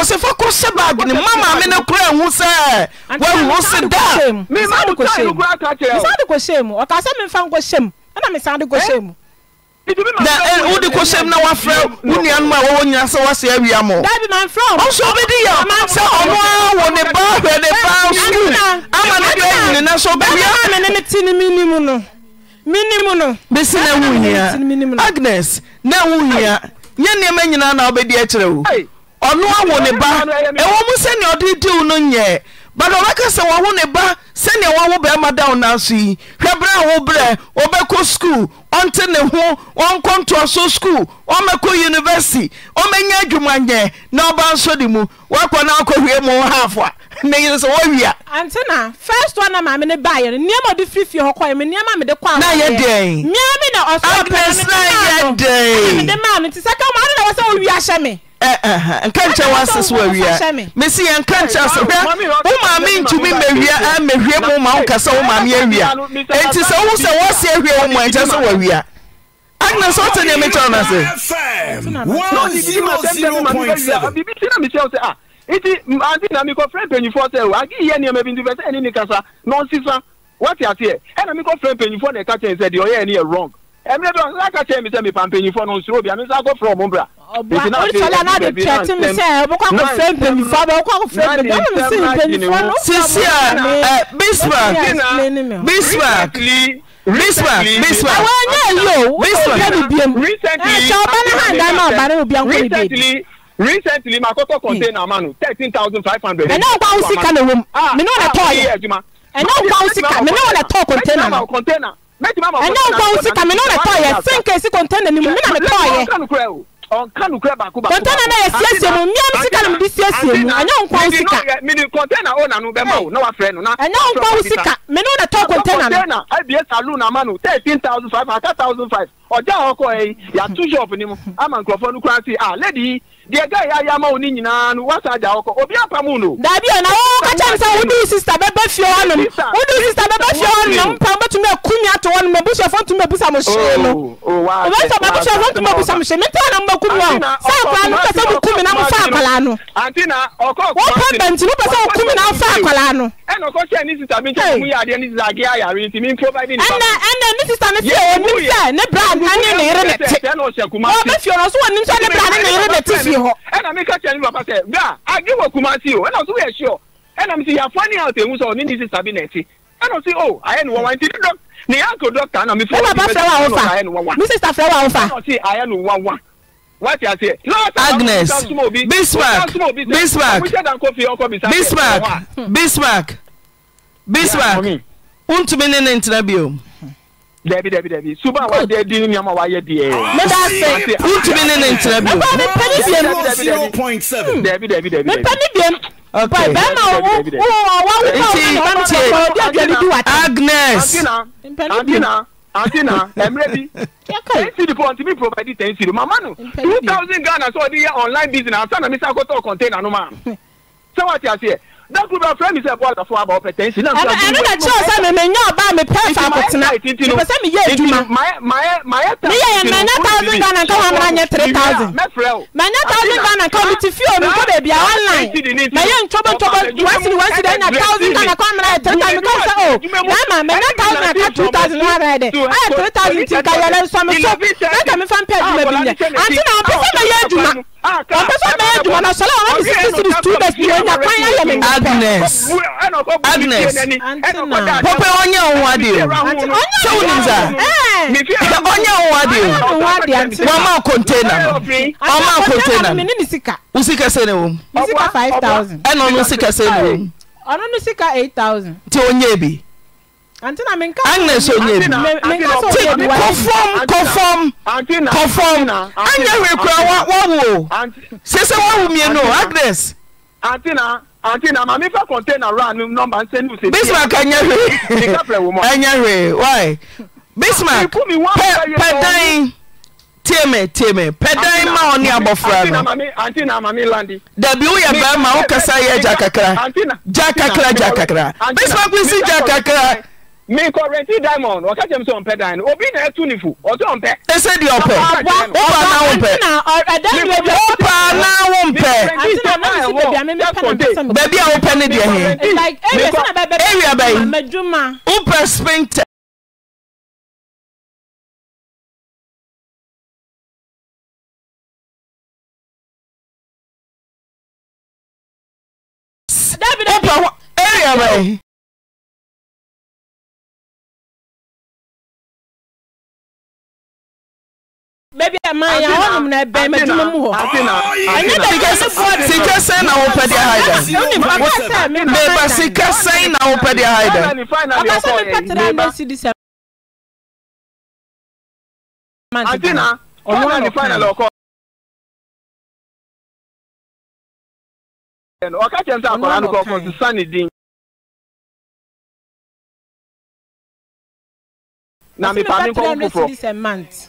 ɔsɛfa kɔhyɛ bag ne ma maame no kora hu sɛ woahu se daɛɔka sɛ memfa nkɔhyɛm na eh, mesa de na mu na woafrɛ wo nuanom a wɔwɔ nyina sɛ awia wobɛdi yɛ sɛ ɔno ne hwɛ ne eh, su ama ne bɛ sɛ bɛsi na wo agnes na wo nyɛ nneɛma nyinaa na wobɛdi akyerɛ ɔno awo ne ba ɛwɔ mu sɛnea ɔde diw no nyɛ but ɔbɛka sɛ wɔwo ne ba sɛnea wɔwo bɛrima da wo nanso yi hwɛ berɛ a wo berɛ ɔbɛkɔ skuul ɔnte ne ho ɔnkɔ ntoaso skuul ɔmmɛkɔ university ɔmɛnya adwumanyɛ na ɔba nso de mu na mu first one na maame ne no na maa nka nkyɛ woasese wawia mesi yɛ nka nkyɛ hwɛ wo maame ntumi mmawia mmahwie mu ma woka sɛ wo maame awia enti sɛ wohu sɛ wɔse ahwie wo mu ɛnkyɛ sɛ wawia agnes wote neɛ mekyɛw no ase nti ante na mekɔfrɛ mpanyifoɔ sɛ age yɛ nneɛma bi nti pɛ sɛ ɛne ne kasa nɔnsisa wate aseɛ ɛna mekɔfrɛ mpanyifoɔ na ɛka kyɛn sɛ deɛ ɔyɛ ɛne yɛ wrong ɛmerɛ bi ɔsa ka kyɛn me sɛ mepa mpanyifoɔ no nsuro bia me nsa akɔfrɛ ɔmo bra ọbọ olùsọlẹ anáde tẹtí mi sẹ ẹ bọkọ kò fẹ mpẹnifọ abẹ bọkọ kò fẹ mpẹnifọ bọkọ mi sì mpẹnifọ ló fà mọ ẹ bismarck bismarck bismarck bismarck àwọn ẹ̀yẹ́ yìí o wọ́n yẹ mi bíi mu ẹ̀ ṣe ọba ní hàndá náà ọba ní obi àkọ́ni bèbè. recently my koko container manu thirteen thousand five hundred. ẹ̀ náà gbàgbọ́ sí kan lówó mi náà lè tọ́ yẹ ẹ̀ náà gbàgbọ́ sí kan mi náà lè tọ́ container náà ẹ̀ náà gbàgbọ́ sí kan mi náà lè tọ́ yẹ sínkè sí container ni mu mi náà lè tọ́ yẹ ọ̀nka nukura baako baako. kọntẹ́nà náà esiesie mu mmea mi sika na mi di siesie mu ẹ̀nyẹ́ nkwa sika. mi ni o nanu bẹ́ẹ̀ ma o n'awa fẹ́ nu na. ẹ̀nyẹ́ nkwa sika mi ni o na tọ́ kọntẹ́nà mi. kọntẹ́nà ẹbí ẹ salu na ma nu thirteen thousand five hundred thousand five ọjà ọkọ ẹ yà two shop ni mu ama nkurọfọ nukura si ah lady deɛ guy ayɛ ama wo ne nyinaa no wasa agya wɔ kɔ obi apa mu no. daabi o na wɔn kakyɛ mi sɛ sista bɛbɛ fie hɔnom wodi sista bɛbɛ fie hɔnom mpa bɛtumi akumi ato hɔnom ebusuafo ntumi ebusa mo hyee no obɛnsa oh, oh, ba ebusuafo ntumi ebusa mo hyee ne ntɛn na mo bɛkum wɔn sɛ akwaraa no pɛsɛ mo kumi na mo akwaraa no wɔn pɛ bɛnti mo pɛsɛ mo kumi na mo akwaraa no. ɛna ɔkɔ ne sista ne sista agi sɛ ne bra ne ne yere ne te. ɔbɛ fi so onim sɛ ne bra ne ne yere ne te si mi ka kyerɛ ne papa sɛ bra kumasi o ɛna so yɛ sure ɛna mi si yɛ afɔni a ɔtɛ mu sɛ ɔni ni si sabi na ɛti ɛna o oh, ayɛ ni wawa nti ni dɔk ni yɛ anko dɔkta na mi fi wɔn ti bɛ ti ayɛ ni wawa mi sista fɛ wa nfa ɛna si ayɛ ni wawa wati agnes Bismark, Bismark, Bismark, Bismark, Bismark. ntumi ne ne ntina bi o dẹbi dẹbi dẹbi suba wa de di ni ọmọ wa yẹ di ẹ. ne b'a fɛ ntumi ni nin tẹrɛ bi. ne b'a mi pɛ ni biɛn. dẹbi dẹbi dẹbi. mi pɛ ni biɛn. ok bɛɛ ma o o wa wuli ka o ma ma ma ma o de joli di wa. agnes. antina antina emre bi. ten cedi for ntumi provide ten cedi mama no two thousand ghana sọ di yẹ online business asanamisa akoto container no ma. sọ wa ti a se yẹ. nekɛsɛ e yɛ a eɛ faenas meyɛ ma 0 30000000300 ọpẹsọ bẹẹ jùmọ na sọlá wọn ti sisi siri students ni ẹnya kwan ayẹ mi nìkan. agnes agnes pọpẹ ọnyẹ ohun adi o sẹwọn nìza ọnyẹ ohun adi o wọn máa kọntena wọn máa kọntena usi kẹsẹ ni wọn. five thousand. ẹnna ọnu usi kẹsẹ ni wọn. ọnu usi ka eight thousand. ti o nye bi agnes onyeri ti kɔfɔm kɔfɔm kɔfɔm anya hwee kura wawo sese wawo mienu agnes. antina maame fa container ra ni nọmba nse ni ose. bismarck e. anya hwee anya hwee why bismarck pɛ pɛdan tieme tieme pɛdan ma ɔne abɔfra no dabi woyɛ bɛrima wokasa yɛ gya kakra gya kakra gya kakra bismarck wisi gya kakra mi kɔ renti diamond ɔka kyɛm sɛ ɔmpɛ dan no obi na ɛtu ne fu ɔsɛ ɔmpɛ. di ɔpɛ ɔpa na wompɛ ɔpa na wompɛ baabi a wopɛ ne deɛ he area bɛyi wopɛ spinter. wopɛ area bɛyi. baabi a maa yà wọn nom na bẹn mẹ tuma mu wọ. sika sẹn na wopɛ di ahaida bẹẹba sika sẹn na wopɛ di ahaida. ọba sọ mi pẹtẹrẹ mi si di sẹ. antina ọmọ náà ni final ọkọ. ọkà kyẹn sẹ akọrọ anukọ ọkọ sísan ni din. na mi pa mi nkọ foforo.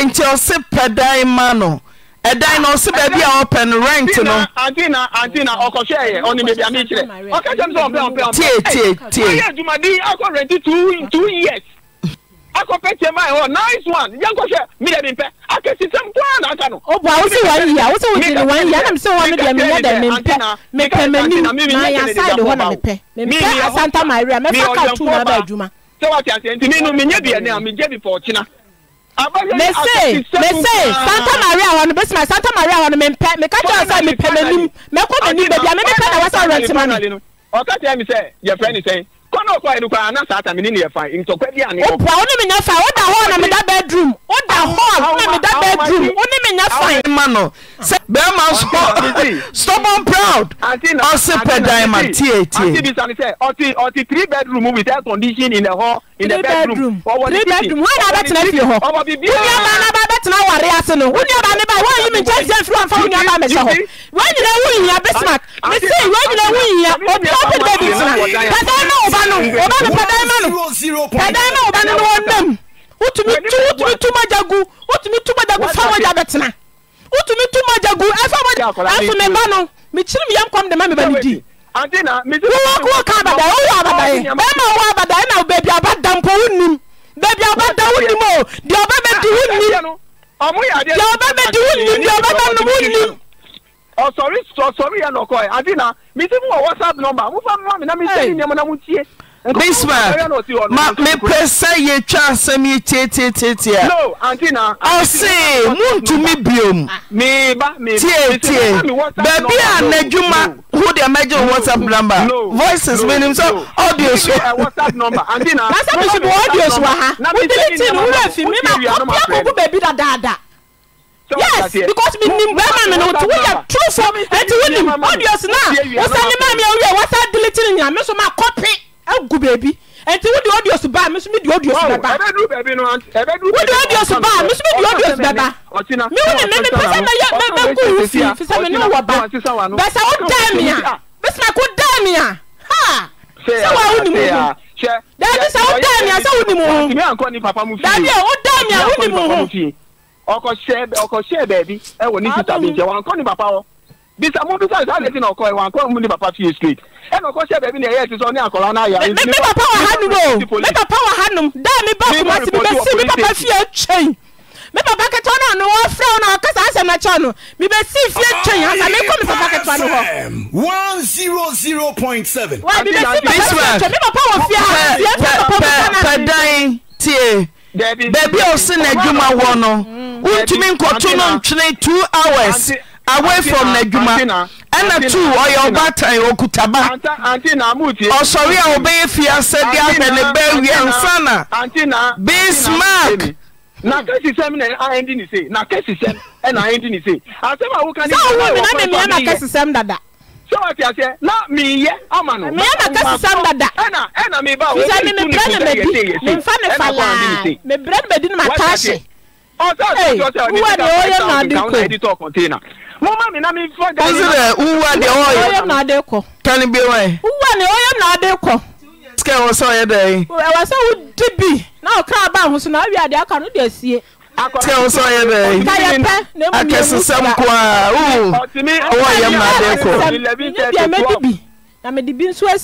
nti ɔse pɛ dan ma no ɛdan e na ɔse baabi a ɔpɛ no rent no. adi na adi na ɔkɔhwɛ yɛ ɔne beebi ami kyerɛ ɔkɛkyɛ mi sɛ ɔpɛ ɔpɛ ɔpɛ. tie tie tie. ɔyɛ adwumaden akɔ renti two two years akɔ pɛ tiɛ maa yɛ e, hɔ oh, nice one yɛn kɔ hwɛ mi dɛ mi pɛ akɛse sɛm kura na aka no. o bɔ awo si wɔn yi a wosi wosi ni wɔn yi anam sɛ wɔn mi dɛ mi yɛ dɛ mi pɛ mi pɛ mɛ ni maa yɛ aside hɔ na mi pɛ mi pɛ asanta maa yɛ mɛ fa ka tu na ba adwuma. sɛ wa ti ase nti mi nu mi nye bi yɛ e ne a mi jɛ bi fɔ ɔkyina mese mese santa maria hɔ no bɛsi ma santa maria hɔ no mepɛ meka kyerɛ sɛ mepɛ m'anim mɛkɔ m'anim baabi a memepɛ na wasa awurɛntema no ɔka kyerɛ me sɛ yɛfrɛ ne sɛn kọ́nà ọ̀kọ́ ẹni kọ́ra náà sàátà mi ní nìyẹn fa ntọ́kọ́ bí àná. òpò àwọn onímì yẹn fa ó da hall na mi da bedroom ó da hall na mi da bedroom onímì yẹn fa. àwọn ẹ̀ma nọ sẹ bẹ́ẹ̀ máa sọ stubborn proud ọ̀sìn pẹ̀dà ẹ̀ma tiẹ̀ tiẹ̀. àti bisá ni sẹ ọtí ọtí three bedroom with air condition in the hall in the bedroom. three bedroom three bedroom wọn yà bẹ tẹ̀lé fi hàn. ọmọ bíbí ọmọ atena aware ase no wo nuaba me ba wɔyi me nkyɛn sɛ mfiri amfa wo nuaba me hɔ wɔn nyinaa wo nyia bismark me se wɔn nyinaa wo nyia obi a ɔpɛ baabi tena pɛdan ma ɔba no ɔba no pɛdan ma no pɛdan ma ɔba no na ɔnam wotumi tu wotumi tu mogya gu wotumi e tu mogya gu fa mogya bɛtena wotumi tu mogya gu ɛfa mogya ɛso me ba no mekyiri me yam kɔm de ma me ba no di wowɔ kowɔ ka abadae wowɔ abadae bɛrima e wowɔ abadae na baabi abada mpo wonim baabi abada wonim o deɛ ɔba bɛdi wonim ọmụ ya adịghị. ya ọba bedi wunyi ni ọba bedi wunyi. ọsọrị ọsọrị ya nọkọ ya adị misi mụ wọ whatsapp nọmba mụ fa mụ amị na misi enyi ya mụ na bismark ma mepɛ sɛ yɛtwa asɛm yi tietietietie a ɔse montumi biom tietie baabi a n'adwuma ho deɛ mɛgye wo whatsapp number voices menim sɛ audio so nasɛm eh, oh, so bɔ audio so wɔ ha wodelete no wowɔ afi mema ɔpia koko baabi dadaada yes because mi nim bẹẹma mi ni o ti wo yẹ true for ẹ ti wo nim audio si naa o sẹ ni maa mi ẹ wi ẹ wọ́n sẹ delete ni yàn mi so ma copy egu beebi nti wudi odios baa mi sumi di odios bɛba wudi odios baa mi sumi di odios bɛba mi wuli ne ne pese me ye me me ku wusi fisa mi ne wɔ ba bɛsa o dan mi a bɛsina ko dan mi a ah. ha sɛ wa o nimu ho dabi sɛ o dan mi a sɛ o nimu ho dabi a o dan mi a o nimu ho. ọkọ ṣẹ ọkọ ṣẹ bẹẹbi ẹ wọ ní sísá mi jẹ wọn kọ ni bàbá wọn bisa mo bisa saa lẹsi ọkọ ẹ wa nkọ mu ni papa fi straight ẹna ọkọ ṣe bẹẹbi ni ẹyẹ ti sọ ní akọrọ náà yà. mi papa wà hánum o mi papa wà hánum dáa mi bá kuma ti mi bẹ si mi papa fi ẹtwẹn mi papa kẹtọ náà ni wọn fẹ ọ náà ọkọ sá sẹm n'ẹkyọ mi bẹ si fi ẹtwẹn hàn mi kọ mi papa kẹtọ ni họ. one zero zero point seven. wa mi bẹ si papa fi ẹtwẹn mi papa wọ fi ẹtwẹn fi ẹtwẹn papa mi kọ náà. pẹ̀dán tiẹ̀ bẹ̀ẹ̀bi ọ̀sìn ẹ̀dwuma no wọ́n tún mi nkọ̀tún náà ntwene two hours. away from n'adwuma ɛna tu ɔyɛ ɔbatan okutaba ɔsɔre a wɔbɛyɛ fie asɛde ahwɛ ne bɛ wiansa na bismark. Oh, na kesi sɛm na ahɛndi ne se na kesi sɛm ɛna e ahɛndi ne se asɛm a woka ne mina me na kesi sɛm dada sɛ wate aseɛ na meyɛ ama no mia na kesi sɛm dada ɛna ɛna meba wo sɛ me mebrɛ na madi memfa me fa laa mebrɛ na madi no mataahye ɔsɛ ɔsɛ ɔsɛ ɔde ɛe yanad kɔ sɛ wode bi na ɔkraba ho so na wide ka no desieɛ sesɛ ɛaae amedei sieota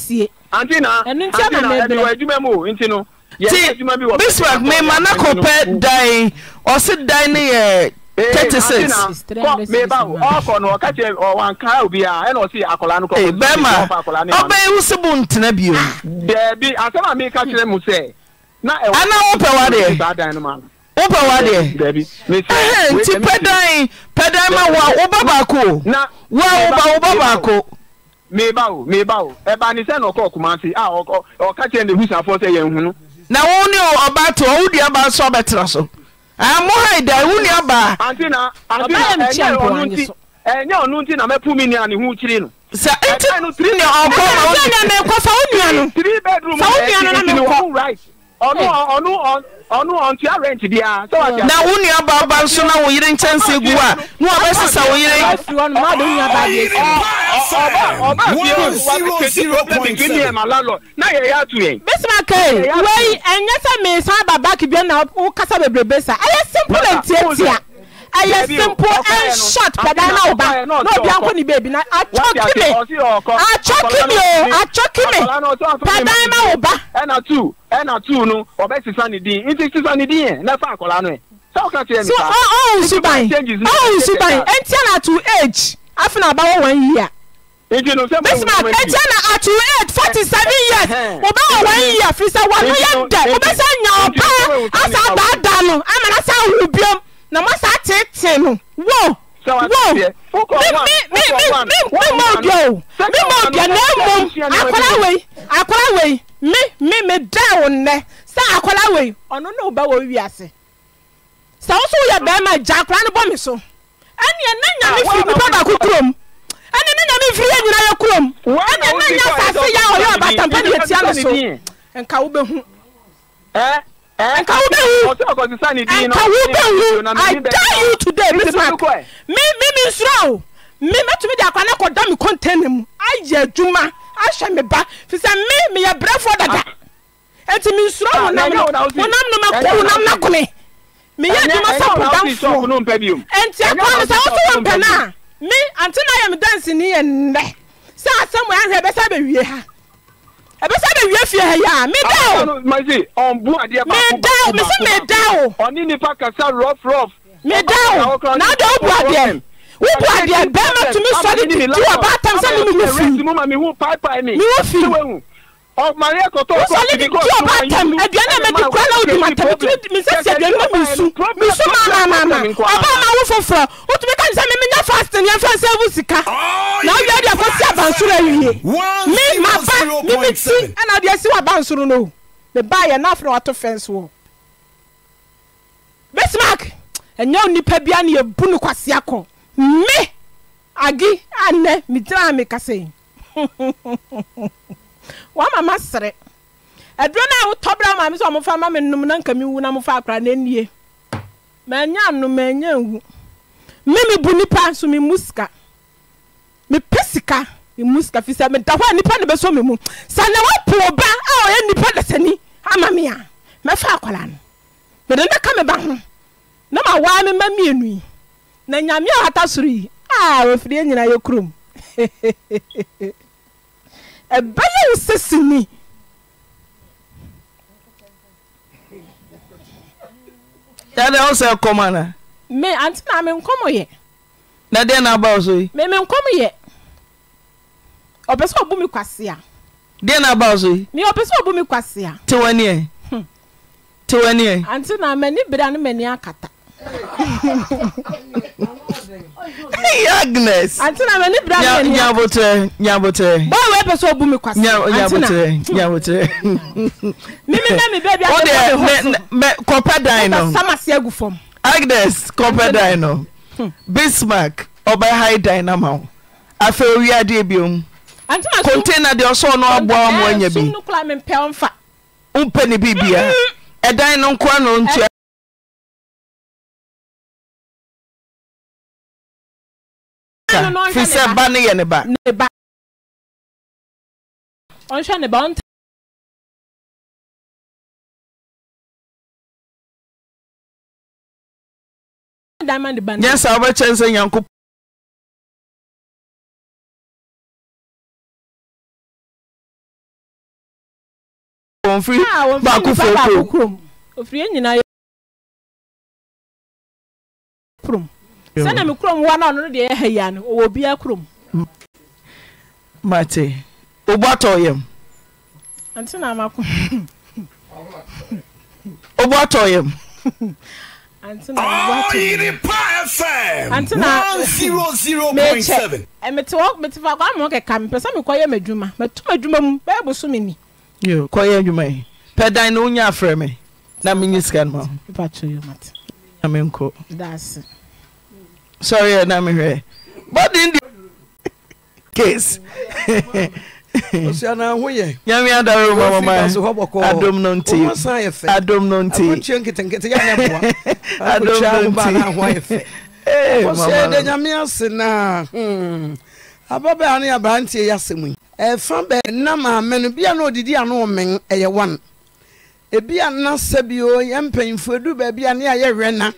Eh, thirty six. Oh, mmebawo ọkọ na ọkacha ọwa nka obia ẹna ọsi akọla nukọ. ee bẹẹma ọbẹ iwu si bu ntina o. dẹẹbi asẹm a mi ka na ẹwọ ana wọpẹ na ɔkɔ kumasi na ehusafo sɛ yɛn hunu. to ọwọ ba nso ọbɛ so. Eh, mo ha da ihu ni aba. àǹtí na àǹtí na ẹ̀yẹ ọ̀nù ti ẹ̀yẹ ọ̀nù ti na mẹ́pù mi ni àná ihu kiri nù. sẹ ẹ ti ni ọkọ ma o ti. ẹ bẹ́ẹ̀ ni ẹ̀mẹ̀kọ fọwọ́ nìyànnu. three bedroom ẹ̀ ti ti ni wọ́n right ọ̀nù ọ̀nù ọ̀nù ɔno ɔntua rent bia sɛ wate na wo nuaba ba nso na wo yere nkyɛnse gu a na wabɛsesa wo yere mesima kai wei ɛnyɛ sɛ mesa aba back bia na wokasa bebrebe sa ɛyɛ simple and ntiatia ɛyɛ simple and short pɛdan na ɔba na obi akɔ ne beebi na atwɔki mi atwɔki mi o atwɔki mi pɛdan na ɔba. ɛna two ɛna two no ɔbɛ sisan ne din nti sisan ne din yɛ n'afa akɔla no yɛ sɛ ɔka tiɛ nipa. ɔn suban ɔn suban ɛnti na to age afi na abawo wɔn yia. nti no sɛ mo wɔn yia. ɛnti na ato age forty seven eh, years ɔbɛ wɔ wɔn yia firi sɛ wɔn yɛ dɛ ɔbɛ sɛ nya ɔbaa asa abaa da no ama na sɛ ahu biom na mo, ma saa tete no wo wo mi mi mi mi mi ma odua o mi ma odua na emom akwara wei akwara wei mi mi mi dan wo nnɛ sɛ akwara wei ɔno na ɔba wɔ wiase sɛ woso woyɛ bɛrima gya akwara no bɔ mi so ɛnneɛ na ah, nyame firi nipa baako kurom ɛnne ne nyame firi yɛ nyinaa yɛ kurom ɛnne na nya asase yɛ a ɔyɛ ɔbatampa ne yɛ tia ne so nka wobɛhu nka wo bɛ i die you today miss mark mi mi mi nsura o mi mɛtumi de akɔ anakɔ da mi kɔntɛn mu ayɛ adwuma ahyɛ mi ba fisɛ mi mi yɛ brɛfoɔ dada eti mi nsura wo ah, nam no wo nam no ma ko wo nam na kone mi yɛ adwuma sɛ podanfoɔ nti akɔ mi sɛ wotu wo mpɛ na mi ante na yɛ mi dansi ni yɛ nnɛ sɛ asɛm wo ahwɛ bɛ sɛ ha ẹbẹ sẹ bẹ wiye fie ẹyà mi da o. masi ọ̀nbu adiẹ baako e baako baako mi si mi da o. ọ̀ní nípa kasa rough rough. mi da o n'adọ o bu adiẹ e. o bu adiẹ e, bẹẹ ma tún mi sọ di di ọba atam sẹ mi mi wọ fi mi wọ fi ọmọdé kòtò ọkọ ti di kò tó wọn yín lu ẹdùn ẹnna mẹdi kura náà ọdún màtà mẹtí mi sẹ sẹ ẹdùn ẹnna mi nsu mi nsu máa máa máa ọba máa wọ fọfọrọ o tún bẹ ká nsọ mi mi nya fasting yẹn fẹ sẹ ewu sika na ọdún ẹdùn ẹkọ sí abansoro oh, ẹyẹ mi ma ba mi mi ti ẹnna ọdún ẹsí wà abansoro náà mi ba yẹ náà fúnra wà tó fẹnsì wọ. bismarck ẹ̀yẹ́ onípa bíi ẹni yẹ bu ní kwasi akọ mi agi anẹ mi tẹ́lẹ̀ mi kásẹ̀ yìí. ama ma sere da nawotobera mmnmwra myanu myawu meme bu nipa so memu ska mepesika ma medah nipa nbesmmu sanewa puoba ay nipa sni amami mfa ka medeekamea amwa me ma mienu na nyamia atasrnyinaykro ɛbɛyɛ wo sɛ sini yàda ɔsɛ ɛkɔm ana. me àǹtí na mi nkɔm yɛ. na deɛ na aba ɔsɔ yi. mi hmm. mi nkɔm yɛ ɔpɛ sɛ ɔbu mi kwasia. deɛ na aba ɔsɔ yi. mi ɔpɛ sɛ ɔbu mi kwasia. tiwani yɛ tiwani yɛ. àǹtí na mɛ bira ni mɛ akata. ɔpɛ d agnes kɔpɛ oh, dan no bismark ɔbɛ hai dinama o afei owiaade biom contane deɛ ɔsɔɔ no aboa wa ma waanya bipɛne bibiano nkoa nona aka fi sɛ ba ne yɛ ne ba. ne ba ɔnhwɛ ne sɛ nyankopɔn baako fo kurom. sɛna me kurom hɔ na ɔno no deɛ yɛha yia no ɔwɔ bia kurom mate wobɔtɔ yam nti na mako wobɔtɔ yam mete fa kwa ma ɔkɛka mepɛ sɛ mekɔyɛ m'adwuma mato m'adwuma mu bɛɛbo so kɔyɛ adwuma yi pɛ dan wonya afrɛ me na menye sika no sorry na mehwɛ bɔden deɛ case nyame adare mamamaadom no nti adom no nti eh, sɛde nyame ase na hmm. ababaa ne aberanteɛ yɛ asɛm yi ɛfa bɛ na maame no bia na odidi ano ɔmen ɛyɛ wan ebia na sɛ bio yɛ mpanyimfo edu baabi a ayɛ wɛ na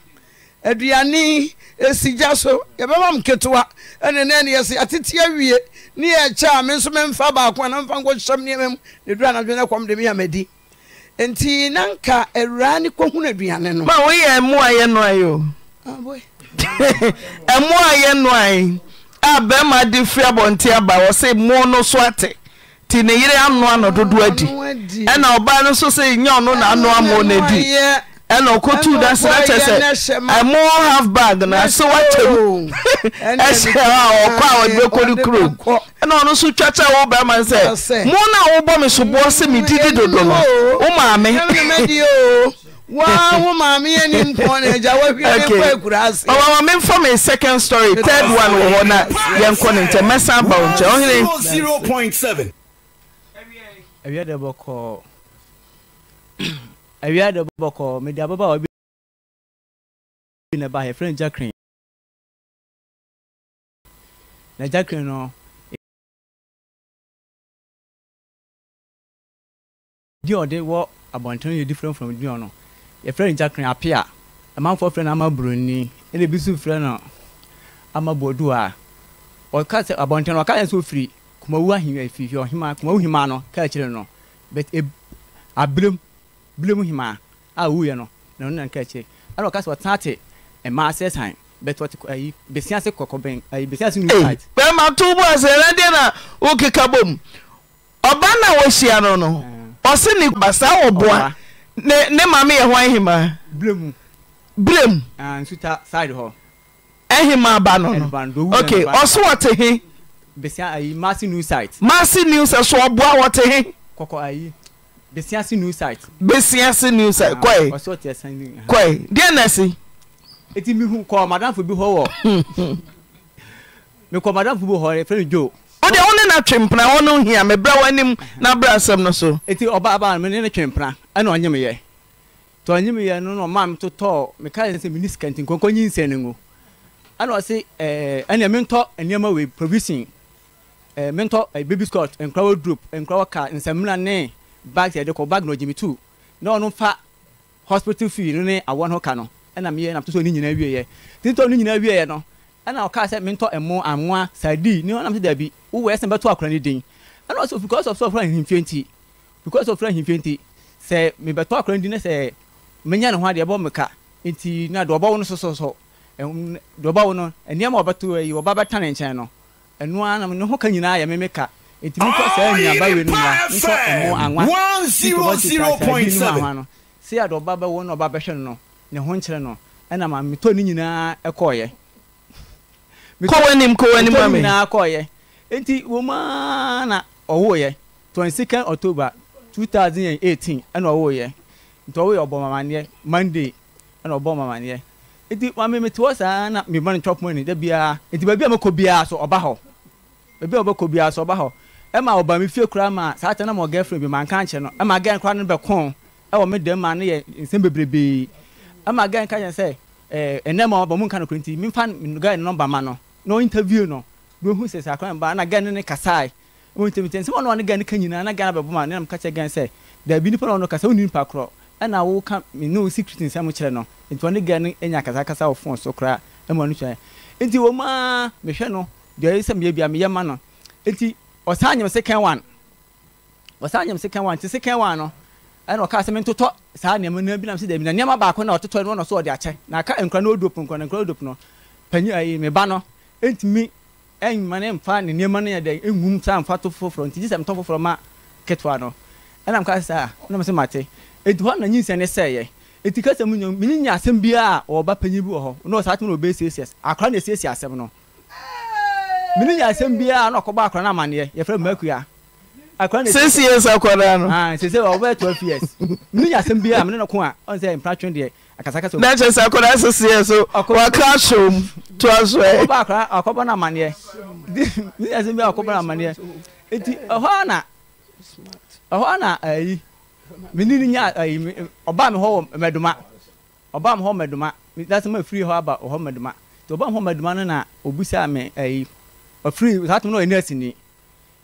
aduane esi gya so yɛbɛma m ketewa ɛne nɛ ne yɛse atete awie ne yɛkyɛ a me nso memfa baako ana mfa nkɔhyɛm nneɛma mu ne duru anadwo ne kɔm de me yamadi nti na nka awuraa ne kɔhunu aduane no ma woyɛ mmoa yɛ noae o ɛmmoa yɛ noae a bɛrima de firi abɔnte aba wɔ se mo no so ate nti ne yere anoa no dodo adi ɛna ɔbaa no nso sɛ nyɛ ɔno na anoa mo no adi ɛna ɔkɔtu da se na kyɛ sɛ ɛmo half bag na ase wakyɛm ɛhyɛ a ɔkɔ a ɔde bɛkɔ ne kurom ɛna ɔno nso twa kyɛ wo bɛrima sɛ mo na wobɔ me soboɔ sɛ medidi dodo no wo maame ɔmama memfa me second story third one wɔ hɔ na yɛnkɔ ne nkyɛ mɛsan ba wo nkyɛ ɔhene awia de bɔkɔ mede ababaawa bi na ba yɛfrɛ no Jacqueline. na Jacqueline, no di ɔde wɔ abɔnten yɛ different from di ɔno yɛfrɛ no jacklin apia amanfoɔ frɛ no ama buroni ɛna ebi nso frɛ no ama bodua ɔka sɛ abɔnten no ɔka yɛ nso firi kumawu eh, ahima firi ɔhima kumawu hima no kaa kyerɛ no but abirem bilemu hima, a wuyɛ no na ɔno nanka akyire ɛna ɔka sɛ ɔtena ate mmaa sɛ san bɛtɔ te ayi besia se kɔkɔ bɛn ayi besia se nuu tight. bɛrima tó bó ase ɛlɛdeɛ na okeka bom ɔba na wɔhyia no no ah. ɔsi ne basa wɔ boa ne ne maame yɛ hima. ahima. bilemu. bilemu. Ah, nsuta side hɔ. ɛhima aba no no ok ɔso wɔte he. besia ayi maasi nuu site. maasi nuu sɛ so ɔboa wɔte he. kɔkɔ ayi besiase new site. besiase new site kɔɛ kɔɛ deɛ na ɛsi. eti mi hu kɔ madamfo bi hɔ wɔ mi kɔ madamfo bi hɔ rɛ fɛn jo. o de o ne na twempena o ne hia mɛ bra w'anim na bra asɛm no so. eti ɔbaaba mi ne ne twempena ɛna ɔnyim yɛ tɔ ɔnyim yɛ no na ɔmaa mi to tɔɔ mi ka yɛn sɛ mi ni sikɛnti nkɔnkɔ nyi nsɛn ne ŋo ɛna ɔsi ɛɛ ɛna mi ntɔ nneɛma wei provision ɛɛ mi ntɔ ɛɛ baby scott nkurawa group nkurawa car nsɛmuna nee bag yɛ de kɔ bag na ɔgyimi tu No, ɔno fa hospital fee no ne awɔ no ka no ɛna meyɛ nam to so ne nyinaa wieɛ tintɔ ne nyinaa wieɛ no ɛna ɔkaa sɛ mentɔ ɛmo amoa sadi ne ɔnam sɛ dabi wowɔ ɛsɛn bɛto akora ne din ɛna ɔsɛ because of sɔfra ahimfie nti because of sɔfra ahimfie nti sɛ mebɛtɔ akora ne din sɛ menya ne ho adeɛ ɛbɔ meka nti na dɔbɔ wo no sososo dɔbɔ wo no nneɛma ɔbɛto yi ɔba bɛta ne nkyɛn no ɛnoa na ne ho ka nyinaa yɛ memeka ntumi kɔ sɛ nnuaba wei no na nkɔ ɛmo anwa ntoma si a dɔba bɛ wɔn na ɔba no ne ho no ɛna mi nyinaa kɔwɛ nim kɔwɛ nim nyinaa na ɔwɔɔyɛ twenty second na ma ne twɛ pɔn ne dɛ biara baabi a mɛ kɔ biara so ɔba hɔ baabi a ɛma ɔba mi fie kura ma saa tɛ na ma girlfriend bi ma nka nkyɛn no ɛma gɛn kura no bɛ kɔn ɛwɔ mi dɛm ma ne yɛ nsɛm bebrebee ɛma gɛn ka yɛn sɛ ɛɛ ɛnɛ ma ɔba mu nka no kuro mi nfa guy no nɔmba ma no na ɔn interview no bi ohun sɛ saa kura ba na gɛn ne kasae ɔn ntɛm ntɛm sɛ wɔn na wɔn gɛn ne ka nyinaa na gɛn abɛbɔ ma ne nam kakyɛ gɛn sɛ dɛbi nipa na ɔno kasa ɔni na korɔ ɛna wɔka ne o secret nsɛm kyerɛ no nti wɔn ne gɛn ne nya kasakasa wɔ fon so koraa ɛma ɔno twɛn nti wɔn maa mehwɛ no deɛ ɔyɛ sɛ meyɛ bia meyɛ ma no nti ɔsan nyim second one ɔsan nyim second one nti second one no ɛna ɔka sɛ mentotɔ saa nneɛma no bi nam sɛ dabi na nneɛma baako na ɔtotɔ no ɔno so ɔde akyɛ na aka nkura no odop nkura na nkura odop no panyin ayi me ba no ntumi ɛnyima ne mfa ne nneɛma no yɛ dɛ engum saa mfa to foforɔ nti gyesɛ mtɔ foforɔ ma ketewa no ɛna mka sɛ saa ɛna mo sɛ mate eti hɔ na nyinsɛn ne sɛɛyɛ eti kasa mu nyɛ mu nyinya asɛm biara ɔba panyin bi wɔ hɔ na ɔsaa tɛm na ɔbɛsiesie akora na esiesie asɛm no mene nya asɛm biaa na ɔkɔbɔ akora no amanneɛ yɛfrɛ makua sɛsiɛsakɔdansɛsɛɔbɛyɛ12 ah, years mene nya asɛm biaa mene no ko a ɔn sɛ mpratwe deɛ akasakasanakyɛ sɛ akɔda sɛsiɛ so wakra hyɛm toa soɛɔkɔbɔ no amanneɛ mene asɛm bia ɔkɔbɔ nya hɔ wɔ ɔba hɔ hɔ aba ɔba hɔ na ayi ɔfiri saa tɛm na oh, ɔyɛ nɛɛsi ni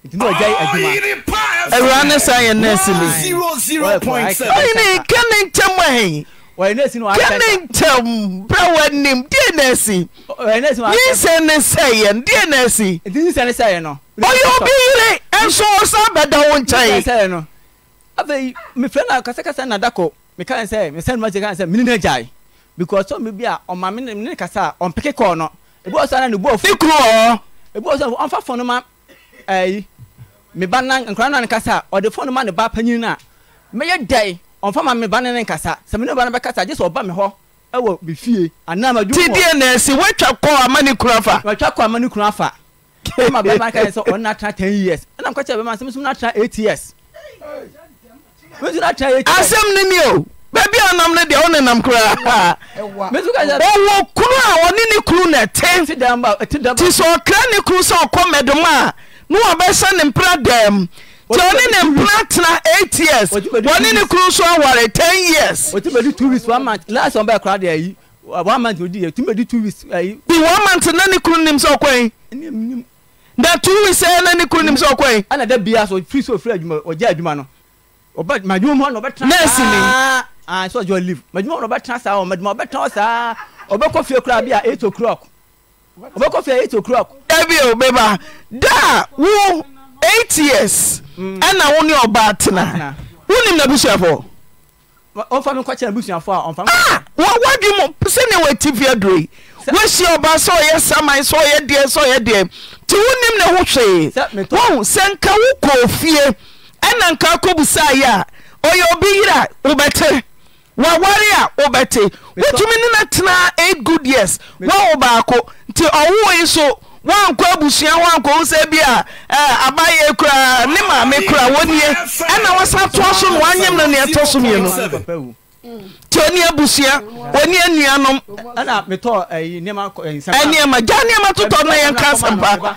nti na ɔgya adwuma. ɛwura ne san yɛ nɛɛsi ni. ɔyini kɛne ntɛm ɛhin. ɔyɛ nɛɛsi ni wa kɛne ntɛm bɛ wɔ nim diɛ nɛɛsi. ɔyɛ nɛɛsi wa yinsɛ ne sɛ yɛ diɛ nɛɛsi. nti yinsɛ ne sɛ yɛ no. ɔyɛ obi yiri ɛnso ɔsan bɛ da wɔn nkyɛn. yinsɛ ne sɛ yɛ no afei mefrɛ na kasakasa na adakɔ meka ne sɛ mesɛn ma kyeka ne sɛ mene no agyae because sɛ me bi a ɔma me ne kasa a ɔmpeke kɔɔ no ebi ɔsa na ne bu ɔfu ne kuro hɔ ebi wɔ sɛ ɔnfa fɔn no ma ɛyi me ba nan nkura nan kasa ɔde fɔn no ma ne ba panyin na mɛyɛ dɛɛ ɔnfa ma me ba nan kasa sɛ me ne ba nan bɛ kasa gye sɛ ɔba mi hɔ ɛwɔ mi fie anaa ma dum wɔ tidiɛ na ɛsi wɔatwa kɔ ama ne kura fa wɔatwa kɔ ama ne kura fa ɛma bɛɛ ma kɛyɛ sɛ ɔn na tena ten years ɛna nkɔkyɛ bɛɛ ma sɛ mo sɛ mo na tena eight years mo sɛ na tena eight years asɛm ni mi o baabi a nam no deɛ wo ne nam koraa ɔwɔ kunu a ɔne ne kuru na ɛtenti sɛ ɔkra ne kuru sɛ ɔkɔ mɛdom a na wɔbɛhyɛ ne mpra dɛm nti ɔne ne mpena tena 8 years wɔne ne kuru so aware 10 years bi one month na ne kuru nim sɛ ɔkɔi da two weeks ɛyɛ na ne kuru nim sɛ ɔkɔi ana da bia so firi so firi adwuma ɔgya adwuma no ɔba madwuma mu hɔ na ɔbɛtena nɛɛsi ni ah! and ah, so you leave mẹjumọ ọ̀nà ọbẹ̀tẹ̀ná sáà wọn mẹjumọ ọbẹ̀tẹ̀ná sáà ọbẹ̀kọ fìyẹ kura bi a eight o'clock ọbẹ̀kọ fìyẹ eight o'clock. ẹbí o bẹba daa wo eight years ẹna mm. wo ni ọba atena wo ni n'abusuafo. wọn fa mi kọ kyerẹ n'abusuafo a wọn fa mi. aa wọ́n wájú mu sẹ́ni wọ́n ti fi ẹ̀dùn yìí wọ́n ṣe ọba sọ ọ̀yẹ́ saman sọ ọ̀yẹ́ díẹ̀ sọ ọ̀yẹ́ díẹ̀ tí wọ́n ní ne ho hwee wọ́n sẹ́ nka wọ́n kọ̀ fie ẹ̀na nka kọ́ a ọ̀yẹ́ obi yìí a wọ́n woaware a wobɛte wotumi no natenaa ei good yes wa wo baako nti ɔwoi so waankɔ abusua waankɔwo sa bi a abayɛ koraa ne ma mɛ kora wonniɛ ɛna wasa to so no wnyam na neɛtɔ so menu nti ɔni abusua ɔnni nnuanom noɔma gya nnoɔma totɔ no yɛnka asɛm pa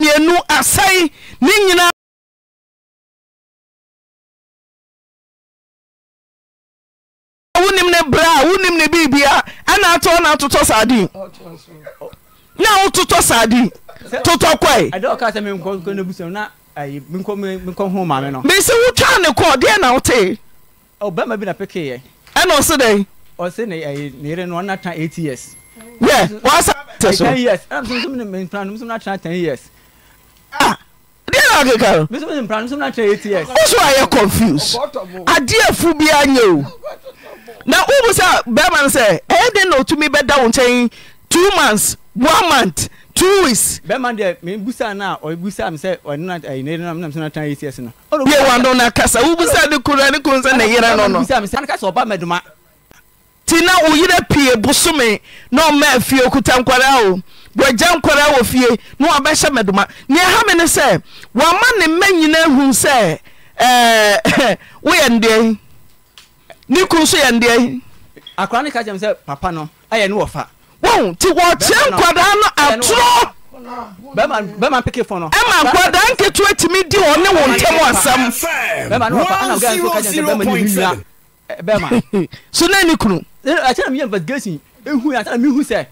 mmienu asɛe ne nyinaa wonim ne brɛ a wonim ne biribia ana atɔ na atotɔ saaden na wototɔ saaden totɔ kɔe mese wotwaa ne kɔɔ deɛ na wotee ɛna ɔse dɛn ɔse ne yere no ɔna ta 8 years yɛ wɔasa tɛ so 10 years woso ayɛ confuse adeɛfu bia nyɛ o na womu sɛ bɛima no sɛ ɛyɛ den na ɔtumi bɛda wo nkyɛn 2 months 1 month 2 weeks yɛwano no akasa wobusa ne kora ne ko sɛ ne yerɛ no no nti na bosome na ɔmaa fie okuta nkwara o wɔagya nkɔraa wɔ fie na wabɛhyɛ madoma nea ɛha me ne sɛ wɔama ne mma nyinaa hu sɛ woyɛ ndeɛ ne ku so yɛ ndeɛ akra ne ka kyɛm sɛ papa no ɛyɛ ne wɔfa wo nti wɔkyerɛ nkwadaa no atorɔ bɛma peke fɔ no ɛma nkwadaa nketewa tumi di hɔ ne wo ntam asɛm bɛma so na ne kunu akyɛna meyɛ investigation ɛhu akyɛna mehu sɛ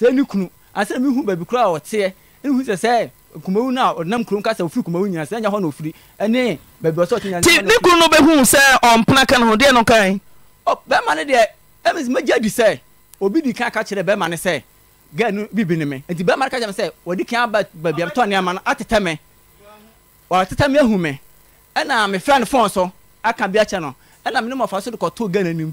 sɛ ne kunu ansa mi hu baabi kura a ɔteɛ ɛna hu sɛ sɛ kumawu no a ɔnam kurom kasa ofiri kumawu nyina sɛ ɛnyɛ hɔ na ofiri ɛne baabi ɔsɛ ɔte ti ne kuru no bɛhu sɛ ɔmpena ka ne ho deɛ no kan bɛrima no deɛ ɛmis mɛgya di sɛ obi di kan ka bɛrima no sɛ gaa no bibi ne me nti bɛrima no ka kyerɛ sɛ wɔde kan aba baabi a tɔ nneɛma no atetɛ me ɔtetɛ me ahu me ɛna mefrɛ no fɔn so aka bi akyɛ no ɛna me ne mɔfa so de kɔtoo gaa n'anim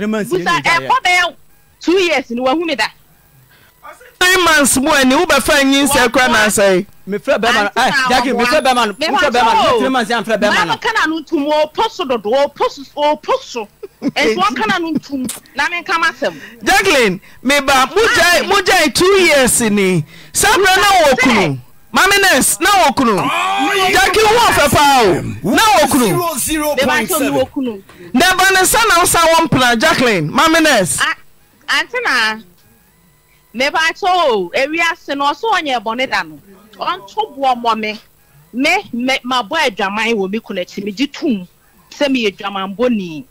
three months yẹn nìyí jayẹ. busa ẹkọ bẹẹ two years ni wọn hu mi da. three months mu ẹni wọ́n bẹ fẹ́ yín sẹ́ kúrẹ́ náà sẹ́ yìí. mi fẹ́ bẹ́ẹ̀ ma ẹ jackie mi fẹ́ bẹ́ẹ̀ ma mi fẹ́ bẹ́ẹ̀ ma mi three months yẹn fẹ́ bẹ́ẹ̀ ma na. maa mi kana nu tum o poso dodo o poso o poso ẹsùn ọkànnà nu tum na mi nka ma sẹm. jacqueline mi ba mu jẹ mu jẹ two years ni sábẹ́ náà wọ̀ kùnú. mami mamines na wokunu jaki wo fɛ paa o na wokunu dɛba ne nsa na nsa wɔ mpena jacklin mamines antena mebakyɛ o ewiase no ɔso ɔnyɛ bɔne da no ɔnto boɔ mmɔ me me mabɔ adwaman wɔ tum. kunu akyi megye tom sɛ meyɛ dwamanbɔni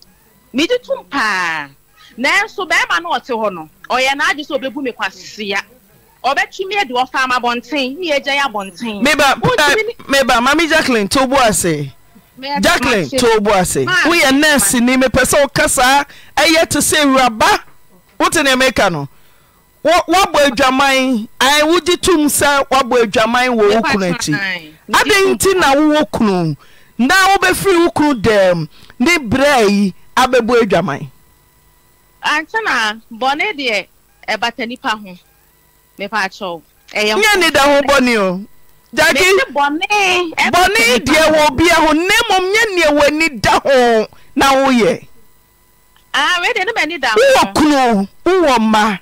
megye tom paa nanso bɛrima no ɔte hɔ no ɔyɛ n'agye sɛ ɔbɛbu me kwasia ọbẹtumi ẹdi ọfa ama bọnten ni ya bọnten. meba meba mami jacqueline tó bú ase jacqueline tó bú ase wúyẹ nẹẹsì ni mepẹ sẹ ọkasa ẹyẹ ti sẹ ewuraba wúti ní ẹmẹka no wabọ adwaman ayi tum sẹ wabọ adwaman wọ wọkùnú ẹkyi adé ntí na wọwọ kùnú na wọbẹfiri wọkùnú dẹm ní brẹ yìí abẹbọ adwaman. àǹtí na bọ̀nẹ́ deɛ nipa ho. nye ne da ho bɔne o gyaki bɔne wɔ na mmom da ho na woyɛ ah, wowɔ kunu wowɔ mma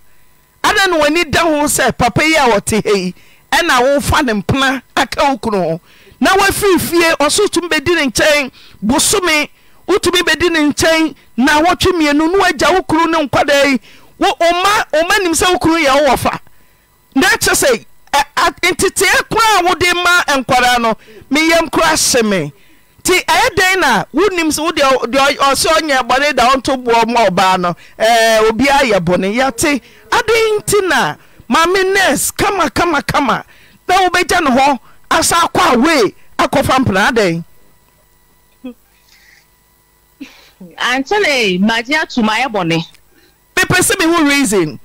ada na da ho sɛ papa yi a wɔte ɛna wofa ne aka wo na woafirifie ɔso wotumi bɛdi ne nkyɛn bosome wotumi ne nkyɛn na wɔtwe mmienu na woagya wo kunu ne nkwadaa yi wo ɔma ɔma da kyɛ sɛ e, nteteɛ koraa wode ma nkwara no meyam kora hye me nti ɛyɛ dɛn na wonim wodeɛ ɔsɛ ɔnyɛ bɔne da ɔnto boɔ ma ɔbaa no obiaa yɛ bɔne yɛte adɛn nti na mame nes kama na wobɛgya ne hɔ asa akɔ awee akɔfa mpena adɛn ankyɛne magye ato ma ayɛ bɔne mepɛ sɛ meho reason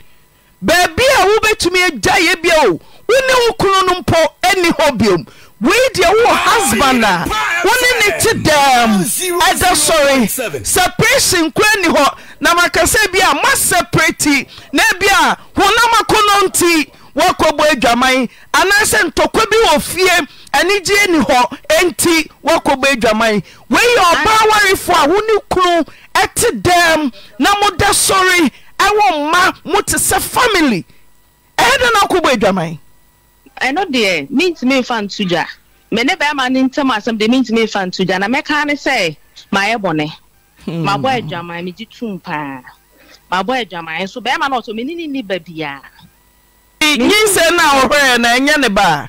baabi a wobɛtumi agyaeɛ bia o wo ne wo kunu no mpo ani hɔ biom wei deɛ wowɔ husband a wo ne ne te dɛɛm ɛdɛ sɔre separation kora ni hɔ na makasɛ bi a moasɛprɛti na bi a honamakono nti woakɔbɔ adwaman anaasɛ ntɔkwa bi wɔ fie anigyee ni hɔ enti woakɔbɔ adwaman weiyɛ ɔbaa warefoɔ a wo ne kunu ɛte dɛɛm na moda sɔre ɛwɔ mma mote sɛ family ɛyɛ dɛ na akɔbɔ adwaman ɛno deɛ mentumi mfa nto gya mene bɛrima no ntam asɛm deɛ mentumi mfa nto gya na mɛka ne sɛ maayɛ bɔne hmm. mabɔ adwaman megye tum paa mabɔ adwaman nso, bɛrima no ɔtɔ menene ne ba biaa nyinsɛ no a wɔhwɛɛ na ɛnyɛ ne baa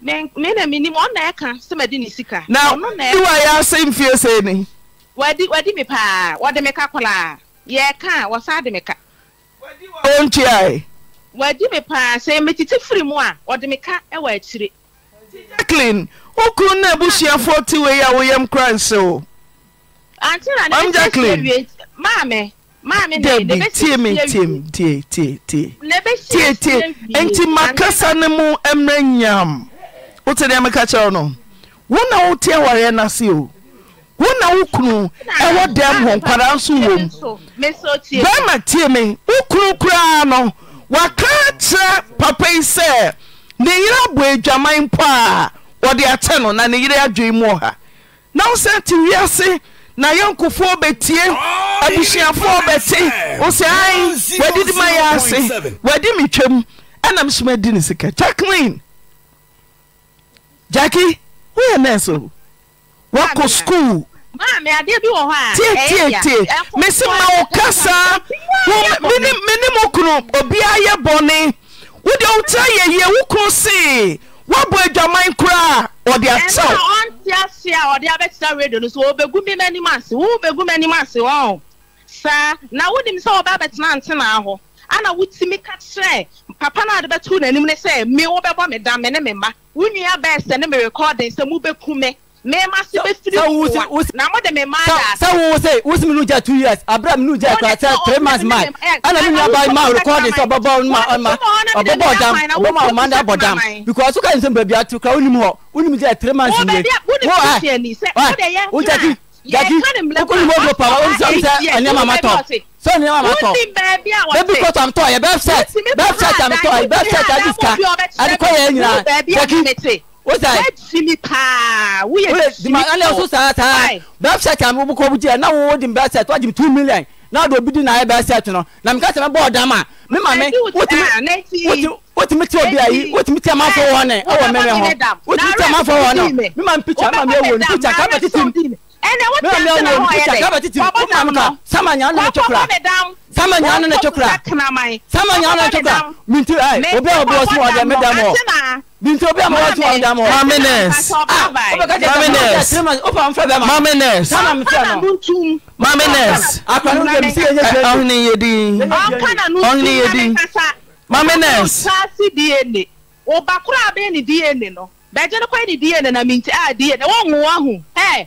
me na me nim ɔna ɛka sɛ madi ne sika na ne wa yɛ ase mfie sei ni wadi wadi me paa wɔde me ka kɔlaa yɛka a wɔsa de me ka ɔntuae wadi me paa sɛ metete firi mu a wɔde me ka ɛwɔ akyire jacqueline wokuru na abusuafoɔ te wei a woyam kora nse o ante na ne jacqueline maame maame na ne bɛ tie me tie me tie tie tie tie tie nti makasa ne mu mmerɛ nyam wote deɛ me ka kyerɛw no wo na woti aware nase o wo na wo knu wɔ dɛm hɔ nkwaa nsow bɛima tie me wo knu koraa no waka kyerɛ papa yi sɛ ne yera boedwaman po a wɔde atɛ no na ne yere adwi muɔh na wosante wiase na yɛ nkufoɔ bɛtie abusuafoɔ bɛte o s ai wadedi mayɛ ase a jakln jackie woyɛ nurse o wakɔ school a a tietietie mesi ma wo kasa mene mo kunu obiaa yɛ bɔne wode wotera yɛ yie wo kunu see woabɔ adwaman koraa ɔde akyɛw na wonim sɛ wɔbɛ abɛtena ntena hɔ ana wotumi ka kyerɛ papa no ade bɛto n'anim ne sɛ me wobɛbɔ me da me ne me mma wo nua bɛɛsɛ ne mi recording sɛ mobɛku me mema se bɛfiri wa na mode me ma sɛ wo sɛ wosimi no gya two years abra me no gya kora sɛ three months ma eh, ana me eh, nuaba eh, ma recording sɛ ɔbɛbɔ ma ɔma ɔbɛbɔ dam ɔbɛma ɔma no abɔ dam because woka nsɛm baabi ato kora wonim hɔ wonim gya three months nie wo gya ti gya ti wokɔnim ɔbɔ pa wo nsɛm sɛ ɛnɛma matɔ sẹ́ni ẹ̀ wà máa tọ̀ bẹ́bí kọ́tọ̀ àmì tọ̀ ẹ̀ bẹ́ẹ̀ set bẹ́ẹ̀ set àmì tọ̀ ẹ̀ bẹ́ẹ̀ set àdìs ká àdìkọ́ yẹn nyina jẹ́kí o sa yi wúyẹ dìmọ̀ alẹ́ ọ̀sùn sàá sàá bẹ́ẹ̀ set àmì ọ̀bùkọ́ ọ̀bù jẹ́ náà wọ́n dì bẹ́ẹ̀ set wọ́n jì two million náà dòbi di náà ẹ̀ bẹ́ẹ̀ set nọ nà mí kásìmẹ́ bọ́ọ̀ dá mà mí mà mí wotumi tí obi ayi wotumi tí a máa fọ wọn nẹ ẹ wọ mẹmẹ hàn wotumi tí a máa fọ wọn nọ mí mà mí picture mí mà mí ewu ní picture kábẹ́ẹ̀tì tì mí ɛnɛ wo tɛ tena hɔ yɛ dɛ wabɔ nam no samanya no na chokura samanya no na chokura samanya no na chokura minti ɛ eh, obi a obi ɔsi wɔ dɛ mi dam wɔ minti obi a ma wɔsi wɔ dam wɔ mami nɛs mami nɛs opa nfɛ bɛ ma mami nɛs mami nɛs akwari nkɛ misi yɛ nyɛ ɔhun ni yɛ di ɔhun ni yɛ di mami nɛs. ɔbakura abɛn ni dna no bɛgye no kɔ ni dna na minti ah, a dna wɔn ŋun wɔn ho ɛɛ.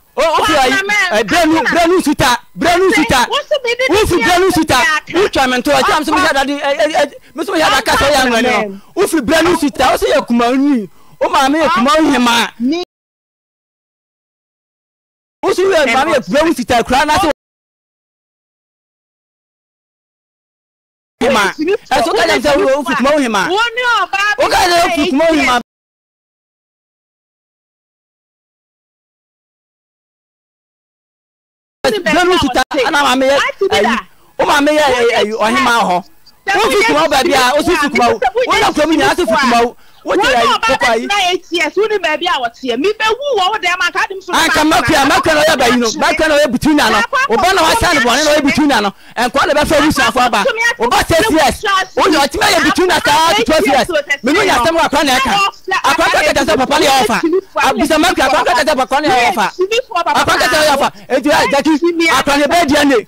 brɛnu suta brɛnu suta wofi brɛnu suta wotwa me nto ɛkyɛ eh, meso mehyɛ dade eh, eh, meso mehyɛ daka sɛ woyɛ anwɛne no wofi brɛnu suta wo sɛ yɛ kuma nwi wo maame yɛ kuma wohemaa wo so yɛ maame yɛ brɛnu suta kura na sɛ ɛso ka kyɛ sɛ wofi kuma wohemaa wo ka kyɛ sɛ wofi kuma wohemaa bẹnu tuta ana maame yɛ ayi o maame yɛ ayi ɔhema hɔ o fi kuma baabi a o si fi o o na kuma mu nyinaa si fi kuma o wọ́n bá bẹ́ẹ̀ ná eight years wọ́n ní bẹ̀ẹ́bí àwọn tiẹ̀ mi bẹ́ẹ̀ wú wọ́n dẹ̀ máa ká dìmú sọ̀rọ̀ máa kàn máa kàn máa kàn náà bẹ̀yìn nù máa kàn náà bẹ̀ bìtú nà nọ ọba náà wà sàn bọ̀ náà bẹ̀ bìtú nà nọ ẹ̀kọ́ náà bẹ̀ fẹ́ wíṣọ afọ àbá ọba six years ọ̀nà ọtí bẹ́ẹ̀ yẹ bìtú nà sáà ti twelve years mímú yà sẹ́mu àkọ́ náà ẹ̀ka àkọ́ kẹtẹ sẹ papa ni ẹ ọfà bisa mẹ́kì àkọ́ kẹtẹ sẹ papa ni ẹ ọfà àkọ́ kẹtẹ ẹ ọfà ètò ẹ jẹ́ kí àkọ́ ni bẹ́ẹ̀ di ẹ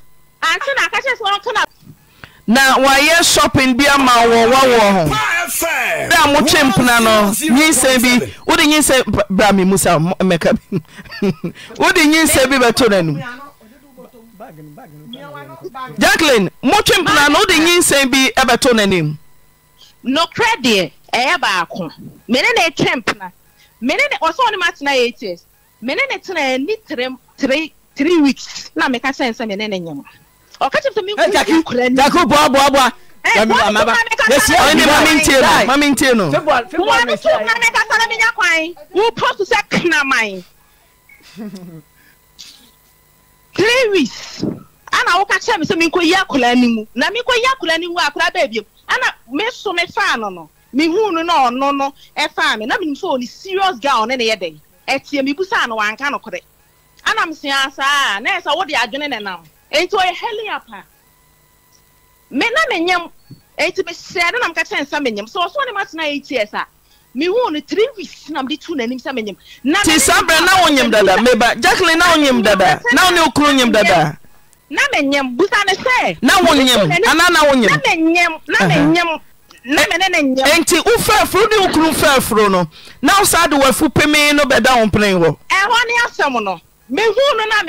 na wɔayɛ shopping bi ama wɔwa wɔ ho a motwe mpena no nyinsɛ bi wode nyinsɛ bra me mu sa mɛka bi wode nyinsɛ bi bɛtɔ no anim jacklin motwe mpena no wode bi no anim nokorɛ deɛ ɛyɛ baako mene ne ɛtwe mpena mene ne ɔsɛ ɔne matena mene ne tena ani weeks na meka kyɛn sɛ mene ne nyɛma ɔkakyɛ sɛ menjaki boaboaboa yɛsi ɔne mame ntie no mame ntie no womane so ma ne kasa no menya kwan wopɔ so sɛ knaman three weeks ana woka kyerɛ me sɛ menkɔyi akwadaa no mu na menkɔyi akwadaa no mu a akwadaa bɛɛ biom ana me so me faa no no mehu no na ɔno no ɛfaa me na menim sɛ ɔne serious girl ne ne yɛ dɛn ɛteɛ mebusaa no wanka nokorɛ ana mesua saa na ɛsɛ wode adwene ne nam ti sa berɛ na wonyim dadaa maba jacklyn na oym dadaana wo ne wok nym dadaana oy anna oy nti wo fɛforɔ ne wokno fɛforɔ no na wo sade wafo pame no bɛda wo mpenen wɔ ea woymna n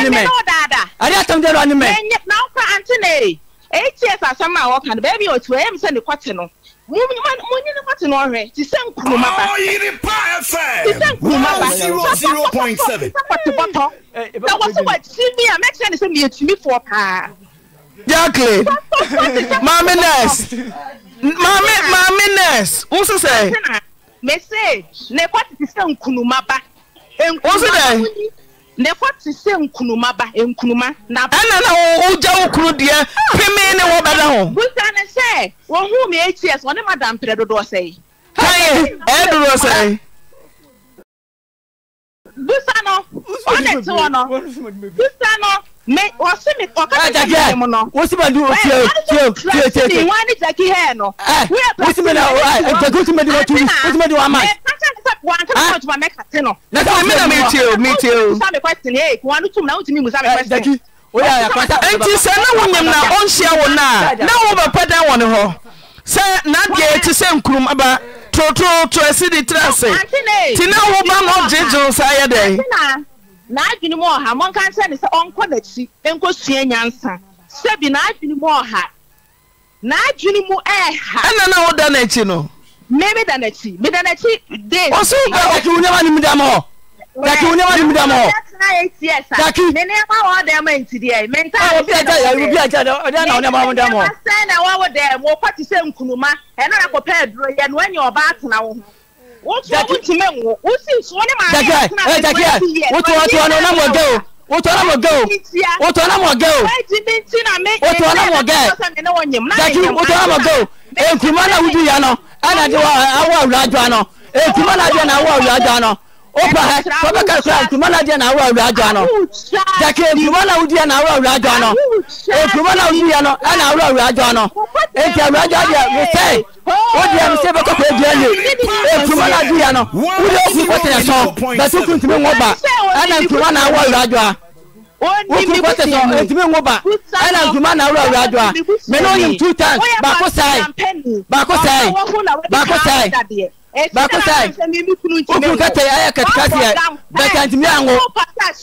mi tawoya ada. Ade atam de rani me. na okwa antene. ATS asama a woka no baby otu e mse ne kwate no. Mu mu ni ne kwate no hwe. Ti se nkuruma ba. Oh, yiri pa FM. Ti se nkuruma ba. 00.7. Kwate boto. Na wose wa timi a make sure ne se me timi for pa. Jacqueline. Mami nurse. Mami mami nurse. Wo se se? Me ne kwate ti se nkuruma ba. Nkuruma. Wo eɛɛna na ɔwɔgya wo kunu deɛ ah! peme ne wɔbada ho busano sɛ ɔhuu me ɛky s ɔne mada mprɛ dodoɔ sɛɛɛdodoɔ sɛakehɛ no nti sɛ ne wonyam na ɔnhyia wo no a na wobɛpɛ dan wɔ ne hɔ sɛ nadeɛ te sɛ nkurum aba tototo asi de tra ase nti na woba no ɔgyegyew saa yɛ dɛn n'adwene mu ɔha mɔnka nkyerɛ ne sɛ ɔnkɔ n'akyi nkɔsua nyansa sɛbi n'adwene mu ɔha n'adwene mu ɛɛha ɛna na woda n'akyi no mimi da n'akyi mi da n'akyi days. o si bɛ o k'i wunyɛma ni mi da mɔ. daki wunyɛma ni mi da mɔ. daki. ne nneɛma wɔ dɛm nti deɛ mɛ n ta yɛ. obi aja ya obi aja dɛ ɔdi na ɔnɛma mu da mɔ. ne sɛn na wɔwɔ dɛm o kɔ ti sɛ nkunuma ɛna na kɔ pɛɛ duro yɛ no ɛnyɛ ɔba atena wo ho. wotu ɔmu ntoma nwo wosi nsuo ne maa yɛ ɛtena wo ti yɛ. daki ɛ daki ɛ wotu ɔmu ntoma no na mɔ de o o tɔ lamɔ gɛ o o tɔ lamɔ gɛ o o tɔ lamɔ gɛ jaju o tɔ lamɔ gɛ o ekuma na wuju yan ɛna di wa awa wula jɔ an nɔ ekuma na di yan awa wula jɔ an ụkpa papa kra nkuruma na deɛ na awo awura adwa no jake nkuruma na awudiɛ na awo awura adwa no ya na awudiɛ no ɛna awo awura adwa no nti awura adwa deɛ mesɛ wodeɛ mesɛ bɛkɔ kɔ adua yie nkuruma na aduya no wode ofu kɔtɛnɛ sɔn bɛsi kun tumi ŋo ba na nkuruma na awo awura adwa wokuru kɔtɛ sɔn ntumi ŋo ba ɛna nkuruma na awo awura adwa mɛ n'oyim two times baako sɛɛ baako sɛɛ baako sɛɛ. baako saa okun kata yɛ ayɛ katikati yɛ bɛka ntumi ango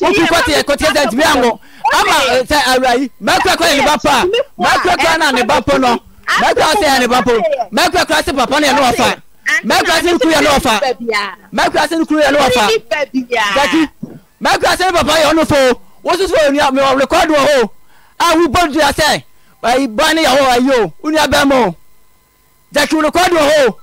okun kɔte yɛ kɔte yɛ ntumi ango ama sɛ awura yi mɛkura kura yɛ ne ba pa mɛkura kura na ne ba po no mɛkura sɛ yɛ ne ba po mɛkura kura sɛ papa na yɛ ne wɔ fa mɛkura sɛ ne kuru yɛ ne wɔ fa mɛkura sɛ ne kuru yɛ ne wɔ fa daki mɛkura sɛ ne papa yɛ ɔno fo wososo yɛ nua mɛ ɔwɔ rekɔdu wɔ hɔ a wubɔ dua sɛ ayi bɔ ne yɛ hɔ ayi o wunu abɛn mo daki rekɔdu wɔ hɔ.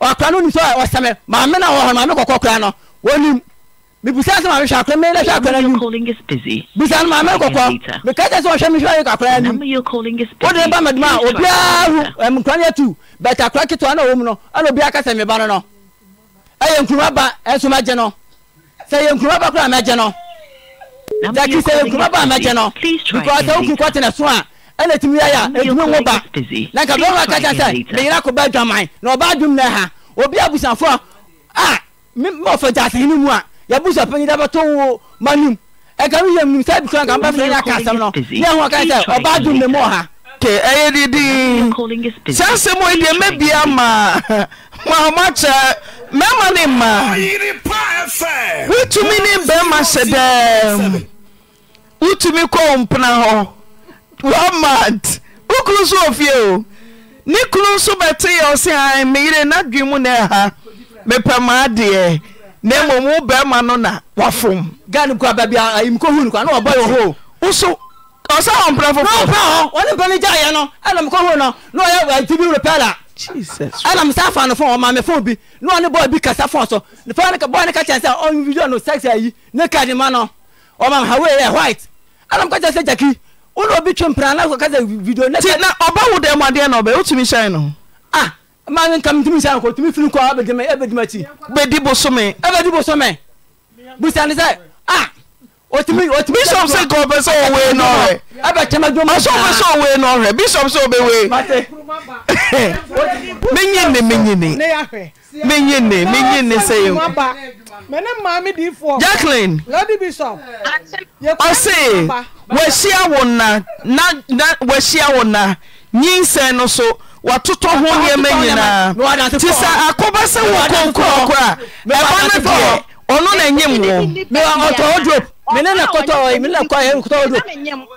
kra ne nesoseme mame na m kok ka n mea sa m o ea k e s ɛna tumi ayɛ a edwuma ba na nka dɔwɔrɔ akata sɛ meyira ko bɛ dwaman na ɔba dum na ha obi abusafo a mi ma ɔfɛ jaasehene mu a yabusa panyin dɛ bɛtɔ wo ma num ɛka mi yɛ num sɛ ebi kura n bɛ fɛ yɛ aka asɛm no ne ho aka sɛ ɔba dum na mu ɔha. ke ɛyɛ didi saa asɛm oyi deɛ mɛbi ama ma kyɛ mɛma ne ma wotumi ne bɛrima hyɛ dɛm wotumi kɔ mpena hɔ one month wokunu nso wɔ fie o ne kunu nso bɛte yɛ ɔse a meyere n'adwen mu na ɛha mepɛ maa deɛ na mmom wo bɛrima no na wafom gane kora baabi a ayim kɔhu no kora na wɔbɔ yɛ hɔ woso ɔsɛ ɔmpra foforɔ ɔmpra hɔ ɔne mpɛ no gyaeɛ no ɛna mekɔhu no na ɔyɛ wanti bi repɛla ɛna m saa no fon ɔma me fon bi na ɔne bɔɔ bi kasa fon so nefa ne bɔɔ ne ka kyɛn sɛ ɔnvideo no sex ayi ne di ma no ɔma m yɛ white ɛna mekɔ kyɛ sɛ gyaki wone obi twe mpranaasa video na ọba wo dɛ na ɔbɛ wotumi hyɛn no manka metumi hyɛn kɔ tumi firi kɔ abɛdima akyi bɛdi bosome ɛbɛdi bosome busane sɛ bishop sɛ ka ɔpɛ sɛ ɔwei na ɔhwɛ asɛ ɔpɛ sɛ ɔwei na ɔhwɛ menye ne menye ne sɛ yɛ jacqueline ɔse wɔahyia wo na na na wɔahyia wo na nyinsɛn no so watoto ho nneɛma nyinaa te sɛ akɔba sɛ wɔ konkurɔ kora ɛba no deɛ ɔno na nyim wo mene na kɔtɔ mene na kɔyɛ nkɔtɔ wo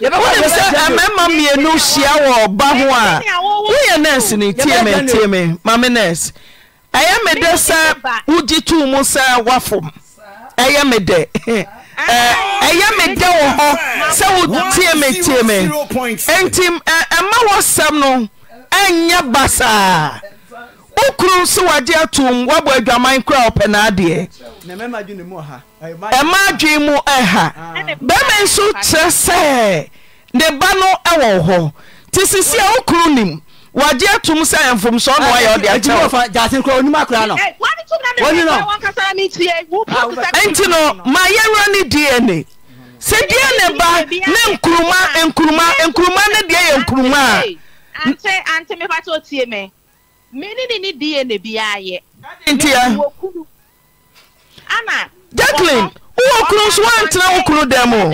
wonim sɛ mmarima mmienu hyia wɔ ɔba ho a woyɛ nɛɛse ne tie me tie me mame nɛɛse ɛyɛ me dɛ sɛ wogye too mu sɛ woafom ɛyɛ me dɛ ɛyɛ me dɛ wɔ hɔ sɛ wotie me tie me enti ɛma wɔsɛm no ɛnyɛ ba saa wo kuro nso wagye atom adwaman koraa ɔpɛ n'adeɛ ɛma adwen mu ɛha bɛima nso kyerɛ sɛ ne ba no ɛwɔ hɔ nti sisi a wokuru nim wagye atom sɛ mfomsoɔ na wayɛ ɔde akyɛwɛnti no ma yɛwura ne dna sɛ dna ba ne nkuruma nkuruma nkuruma ne deɛ yɛ nkuruma a mene ne ne dna biayɛ ntia ana jacklin wowɔ kunu nso woantena wo kunu dɛm o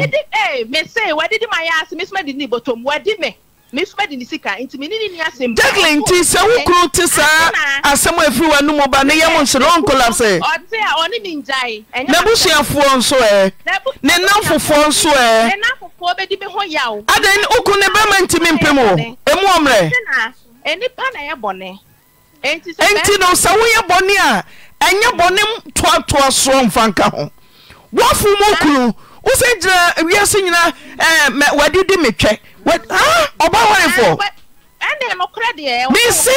mese wɔde de mayɛ ase mesoma de ne bɔtɔm wɔde me mesoma de ne sika nti mene ne ni asɛm jacklin nti sɛ wo kunu te saa asɛm a ɛfiri w'ano mu ba ne yɛ mo nhyerɛ ɔnkolap sɛ ɔne me ngyae n'abusuafoɔ nso ɛ ne nnamfofoɔ nso ɛ adɛn wo kunu ne bɛma ntimi mpem o ɛmu eh, ɔmmerɛ eh, eh, nipa na ɛyɛ bɔne nti no sɛ woyɛ bɔne a ɛnyɛ bɔne toatoa soɔ mfa nka ho woafo mu kunu wo sɛ gyina wiase nyina wɔade di metwɛ ɔba hɔrefoɔ mese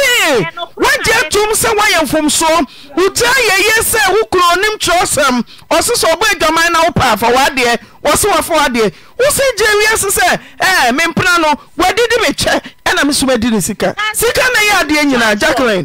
woagye tom sɛ woayɛ mfomsoɔ wotaa yɛye sɛ wo kuro nim kyerɛsɛm ɔse sɛ ɔbɔ adwaman na wo paafa w'adeɛ wɔse wafa w'adeɛ wo sɛ gye wiase sɛ mempena no wɔadidi mekyɛ ɛna mesom adi ne sika sika na ɛyɛ adeɛ nyinaa jacklin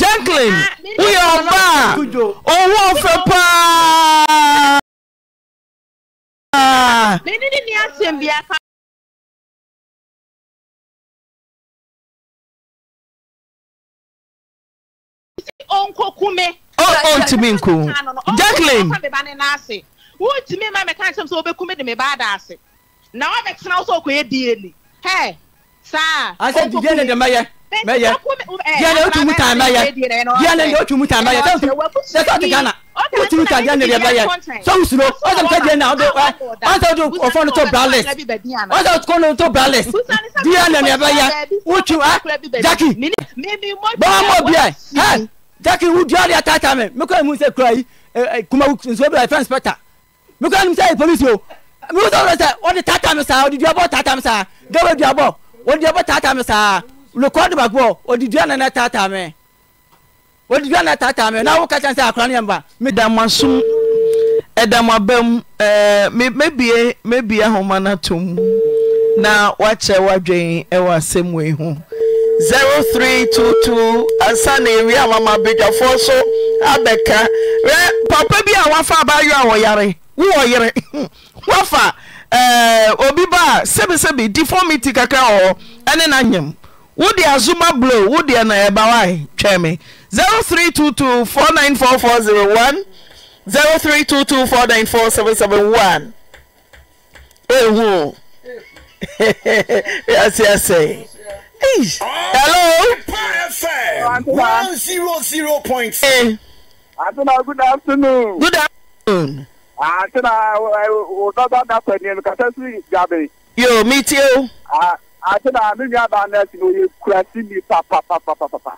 jacklin woyɛ ɔbaa ɔho ɔfɛ paaaɛam ontumi nko jacklinwoti mam de mnwbɛena wo ɔɛnyɛ mɛyɛ diɛ lɛ o tun mu ta mɛyɛ diɛ lɛ o tun mu ta mɛyɛ tɛ o tun tɛ tɔ ti gana o tun mu ta diɛ lɛ diɛ mɛyɛ sɔmu suro o sɔmu tɛ diɛ na o de ɛ an sɛ o de o fɔ ne to braless o sɛ o ko ne to braless diɛ lɛ diɛ mɛyɛ o tun ɛ jaki bɔn mo biɛ ɛ jaki o diɛ lɛ ta ta mɛ mi ko emu se kura yi ɛ kuma nso bɛ fɛn spɛta mi ko emu se polisi o mi ko sɔrɔ sɛ o de ta ta mi sa o de diɛ bɔ ta ta mi sa dɔw bɛ diɛ bɔ o de diɛ bɔ ta ta mi sa rekɔdi ba gbɔ odidua nana taataa mɛ odidua nana taataa mɛ n'awo ka can sɛ akora ne yɛn ba. ɛdamasum ɛdamabɛm e ɛɛ e, mebie mebie ahoma na tom na wakyɛ wadwen ɛwɔ e asɛm wei ho. zero three two two asan ewi mama bedwafoɔ so abɛka rɛ papa bi a wafa abayɔ a wɔyare wowɔ yere wafa ɛɛ obi ba sebisebi deformity kakra wɔ ɛne na wode azoma blo wodeɛ na ɛbawae twɛ me 0322494401 0322494771 ehu yasi ase hello. one zero zero point. Atena good afternoon. good afternoon. Atena o dada dapẹ ni ẹnu kata si gabe. Yo mi ti o. ati na mi nua baa nɛɛsi na oye kurasi mi papapapapapa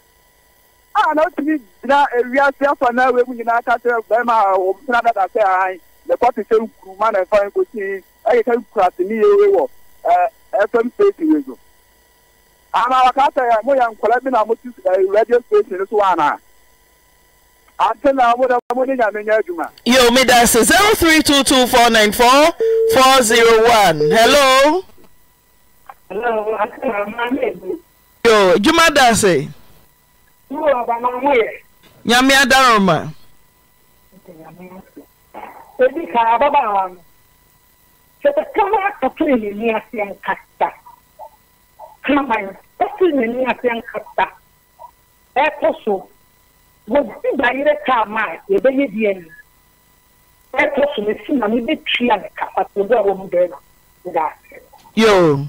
a na o ti mi gyina ewia si na ewu nyinaa kakyɛ bɛrima a wɔn tena dada sɛ ahan na ti sɛ nkuruma na nfa nkosi ɛyɛ kɛ kurasi mi yɛ wɔ ɛɛ e, fm station yɛ so waka sɛ yɛ mo yɛ nkɔla bi na mo ti e, radio station so ana ati na mo dɛ mo ni nyame nyɛ adwuma. yo mi zero three two two four nine four four zero one hello. Hello, I can't remember. Yo, Juma Dase. You are by my way. Nyame adaroma. Ebi ka baba wa. Sete kama akatu ni ni ase nkata. Kama yo, akatu ni ni ase nkata. E koso. Wo e be ye die ni. E koso ni si na mi be tria ne ka pa to go wo mu na. Yo.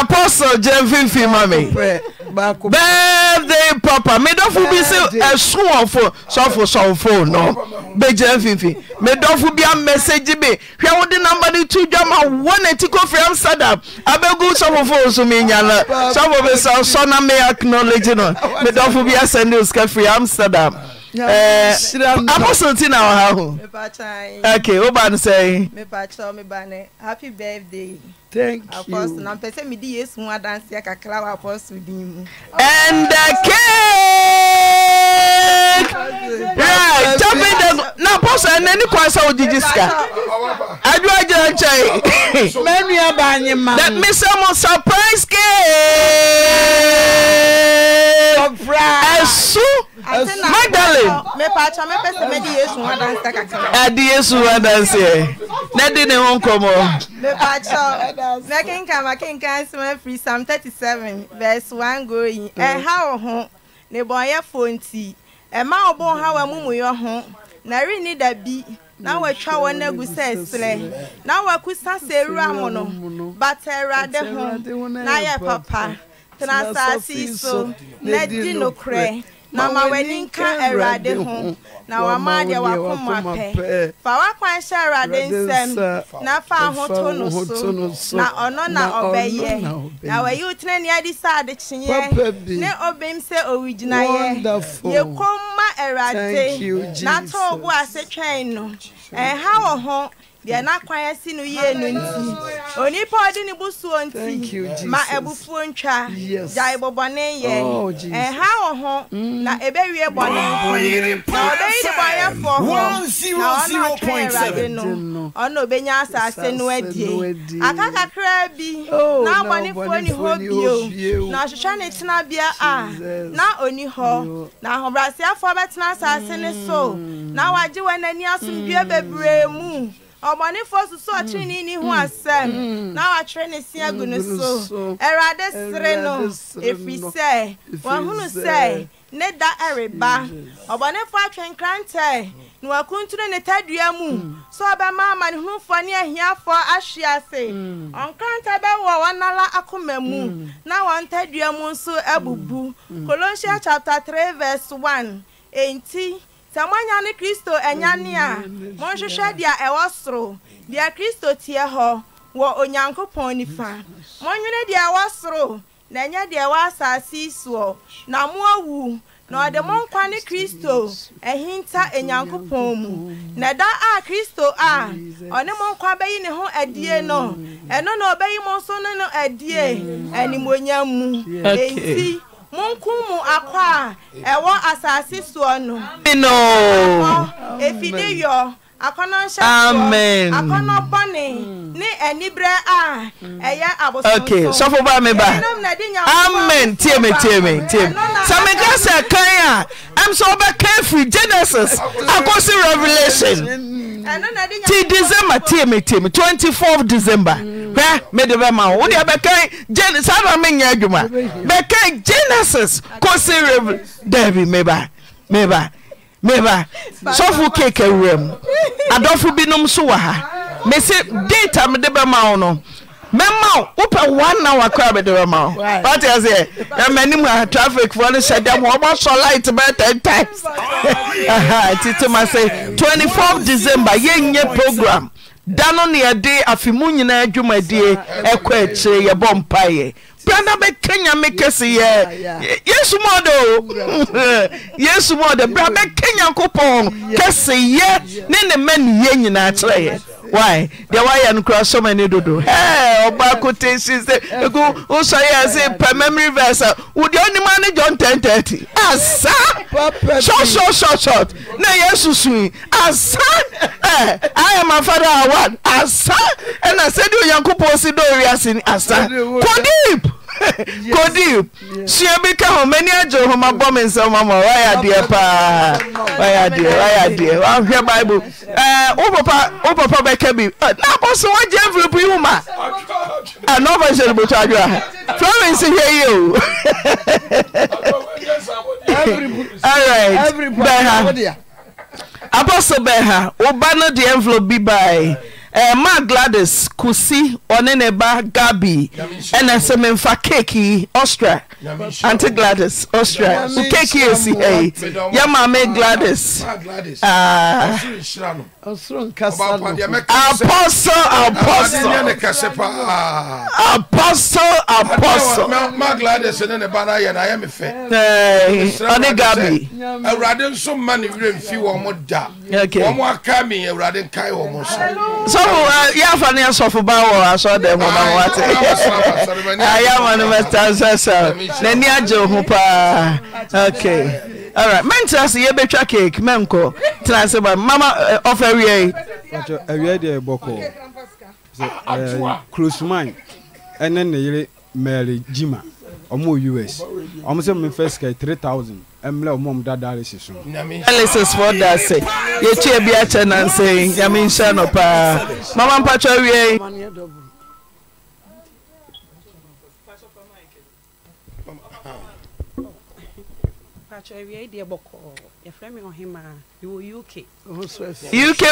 apostle gyea fifii ma me bih papa me dɔfo bi se asoɔfo sɔfo sufofoɔ no bɛgyia fiifi me dɔfo bi amesege mi hwawode namb ne 2 dwama wɔne ti kɔ fri amsterdam abɛgu sufofoɔo some nyala sɛfo bisɛ sɔna me acnology no me dɔfo bi asɛnews ka fri amsterdam Eh, apostle ti na ɔha ho okay woba no sɛn mepakyerɛ meba ne happy birthday Thank you. apostle na mpɛ sɛ mede yesu ho adanseɛ kakra wɔ apostle din mu and the tapen dɛ na pɔs nɛni koa sɛ wogyegye sika adu gyira nkyɛ mana bamaetmesɛm surprise gas magdaleneɛde yesu ho adanseɛ ne de ne wo nkɔmɔ ɛma ɔbɔ ha wɔ amumuyɔ ho na ni da bi na wɔatwa wɔn agu sɛ na wɔakusa sɛ ewura mu no bata awurade ho na yɛ papa tena na di na ma w'ani nka awurade ho na wama deɛ wakoma pɛ fa wakwan hyɛ awurade nsɛm na fa ahoto no so na ɔno na ɔbɛyɛ na wɔyi eh, wo tena ne ade sɛ adekyeeɛ ne obim sɛ owigyinaeɛ yɛkom ma awurade na tɔɔ bo ase twɛn no ɛha wɔ ho deɛ n'akwaya si no yie no nti onipa ɔde ne bo soɔ nti ma abufuo ntwa gyae bɔbɔne yɛ ɛha wɔ ho na ebewie bɔne na ɔbɛyi de bɔyɛfo ho na ɔno atwɛn awurade no ɔno obenya asase no adie aka kakra bi na abɔnefoɔ ah. ni hɔ bio na ɔhwehwɛ ne tenabea a na oni hɔ na ahobrɛaseafoɔ bɛtena asase ne so na wagye wɔn ani asomdua bebree mu. ọmọnifo so mm. ọtúnni ni hu asẹm mm. mm. na watwere ne si agu ne so ẹwurade sere no efi sẹ wọn hunu sẹ ne da ɛreba ɔbɔnefo atwe nkrantɛ na wakuntunu ne tadua mu sɛ ɔbɛma amanehunufoɔ ne ahiafoɔ ahwe ase ɔnkrantɛ bɛwɔ wɔn ala akoma mu na wɔn tadua mu nso abubu kolonsia chapter three verse one enti sɛ moanya ne kristo ɛnya ne a monhwehwɛ deɛ ɛwɔ soro deɛ kristo teɛ hɔ wɔ onyankopɔn nifa monwene deɛ ɛwɔ soro na ɛnyɛ deɛ ɛwɔ asase yi soɔ na moawu na ɔde mo nkwa ne kristo ɛhinta onyankopɔn mu na da a kristo a ɔne mo nkwa bɛyi ne ho adie no ɛno na ɔbɛyi mo nso ne no adie animonyam mu ɛnti munkumu akɔ hmm. a ɛwɔ asase soɔ no. amino. efide yɔ akɔnɔnhyɛ soɔ amen akɔnɔbɔne ne anibrɛ a ɛyɛ abosonso. ok sɔfo bá mi ba amen tie mi tie mi tie mi samika sɛ kan a ɛm sɛ ɔbɛ kan firi genesis akɔsi revolution ti december tie mi tie mi twenty four december. medemosanmey wua eke genesis ofemmwon traic fmtitms 24 december yeye program da no ne yɛde afe mu nyinaa adwumadiɛ ɛkɔ akyirɛ yɛbɔ mpayɛ bera na bɛka nyame kɛseyɛ yɛ sumɔ ɔdɛ o yɛ sumɔ ode brɛ bɛka nyankopɔn kɛseyɛ ne ne ma ne yɛ nyinaa kyerɛeɛ wy deɛ woayɛ no kora sɔma ne dodo ɛ ɔba ko tesi sɛ ku wosɔyease pɛmemryversa wode onim a no john 1030 as shusho shu shot na yɛ susui asa ayɛ mafada aa asa ɛna sɛdeɛ onyankopɔn se dɛriase ni asa kd kodip sua bi ka ho m'ani agye ho mabɔ me nsɛm ama wayɛ adeɛ paa wayɛ adeɛ wayɛ adeɛ wahwɛ bible ɛɛ wo papa wo papa bɛka bi na abɔ so wagye envelope yi ma ɛna ɔba nhyɛ no bɔtɔ adwo a florence hwɛ yi o alright bɛha apɔso bɛha wo ba no de envelope bi baae. Eh, ma gladys kusi oneneba gabi ɛna sɛ memfa keeki austra gladys Austria, wo keeki ɛsi ɛyi yɛ maame gladys ah. apostle apostle apostle apostle ɔne eh, gabi awurade nso ma ne werɛ mfi wɔ mo da wɔn aka me awurade nkae wɔ mo so yàfa uh, ni asọfo bá wọ asọdẹ mu ma wá ti ayama ah, ah, ah, ni mẹta nsẹsẹ n'ani agye ohun paa okay alright mẹ́ntì ase yẹ bẹ twa cake mẹ́nkọ tẹ̀lé ase ba mama eh, ọfẹ wíyẹ yìí. ẹwìẹ de ẹ bọ kọ kurosumai eh, ne yere mẹrin jima ọmọ us ọmọ sẹ mi fẹ sikẹ three thousand mmerɛ wɔn mu dada alesi e e e oh, so. alesi fo da se yɛkyi ebi akyɛ nanse nyame nhyɛ no paa mama mpatwa wie. uk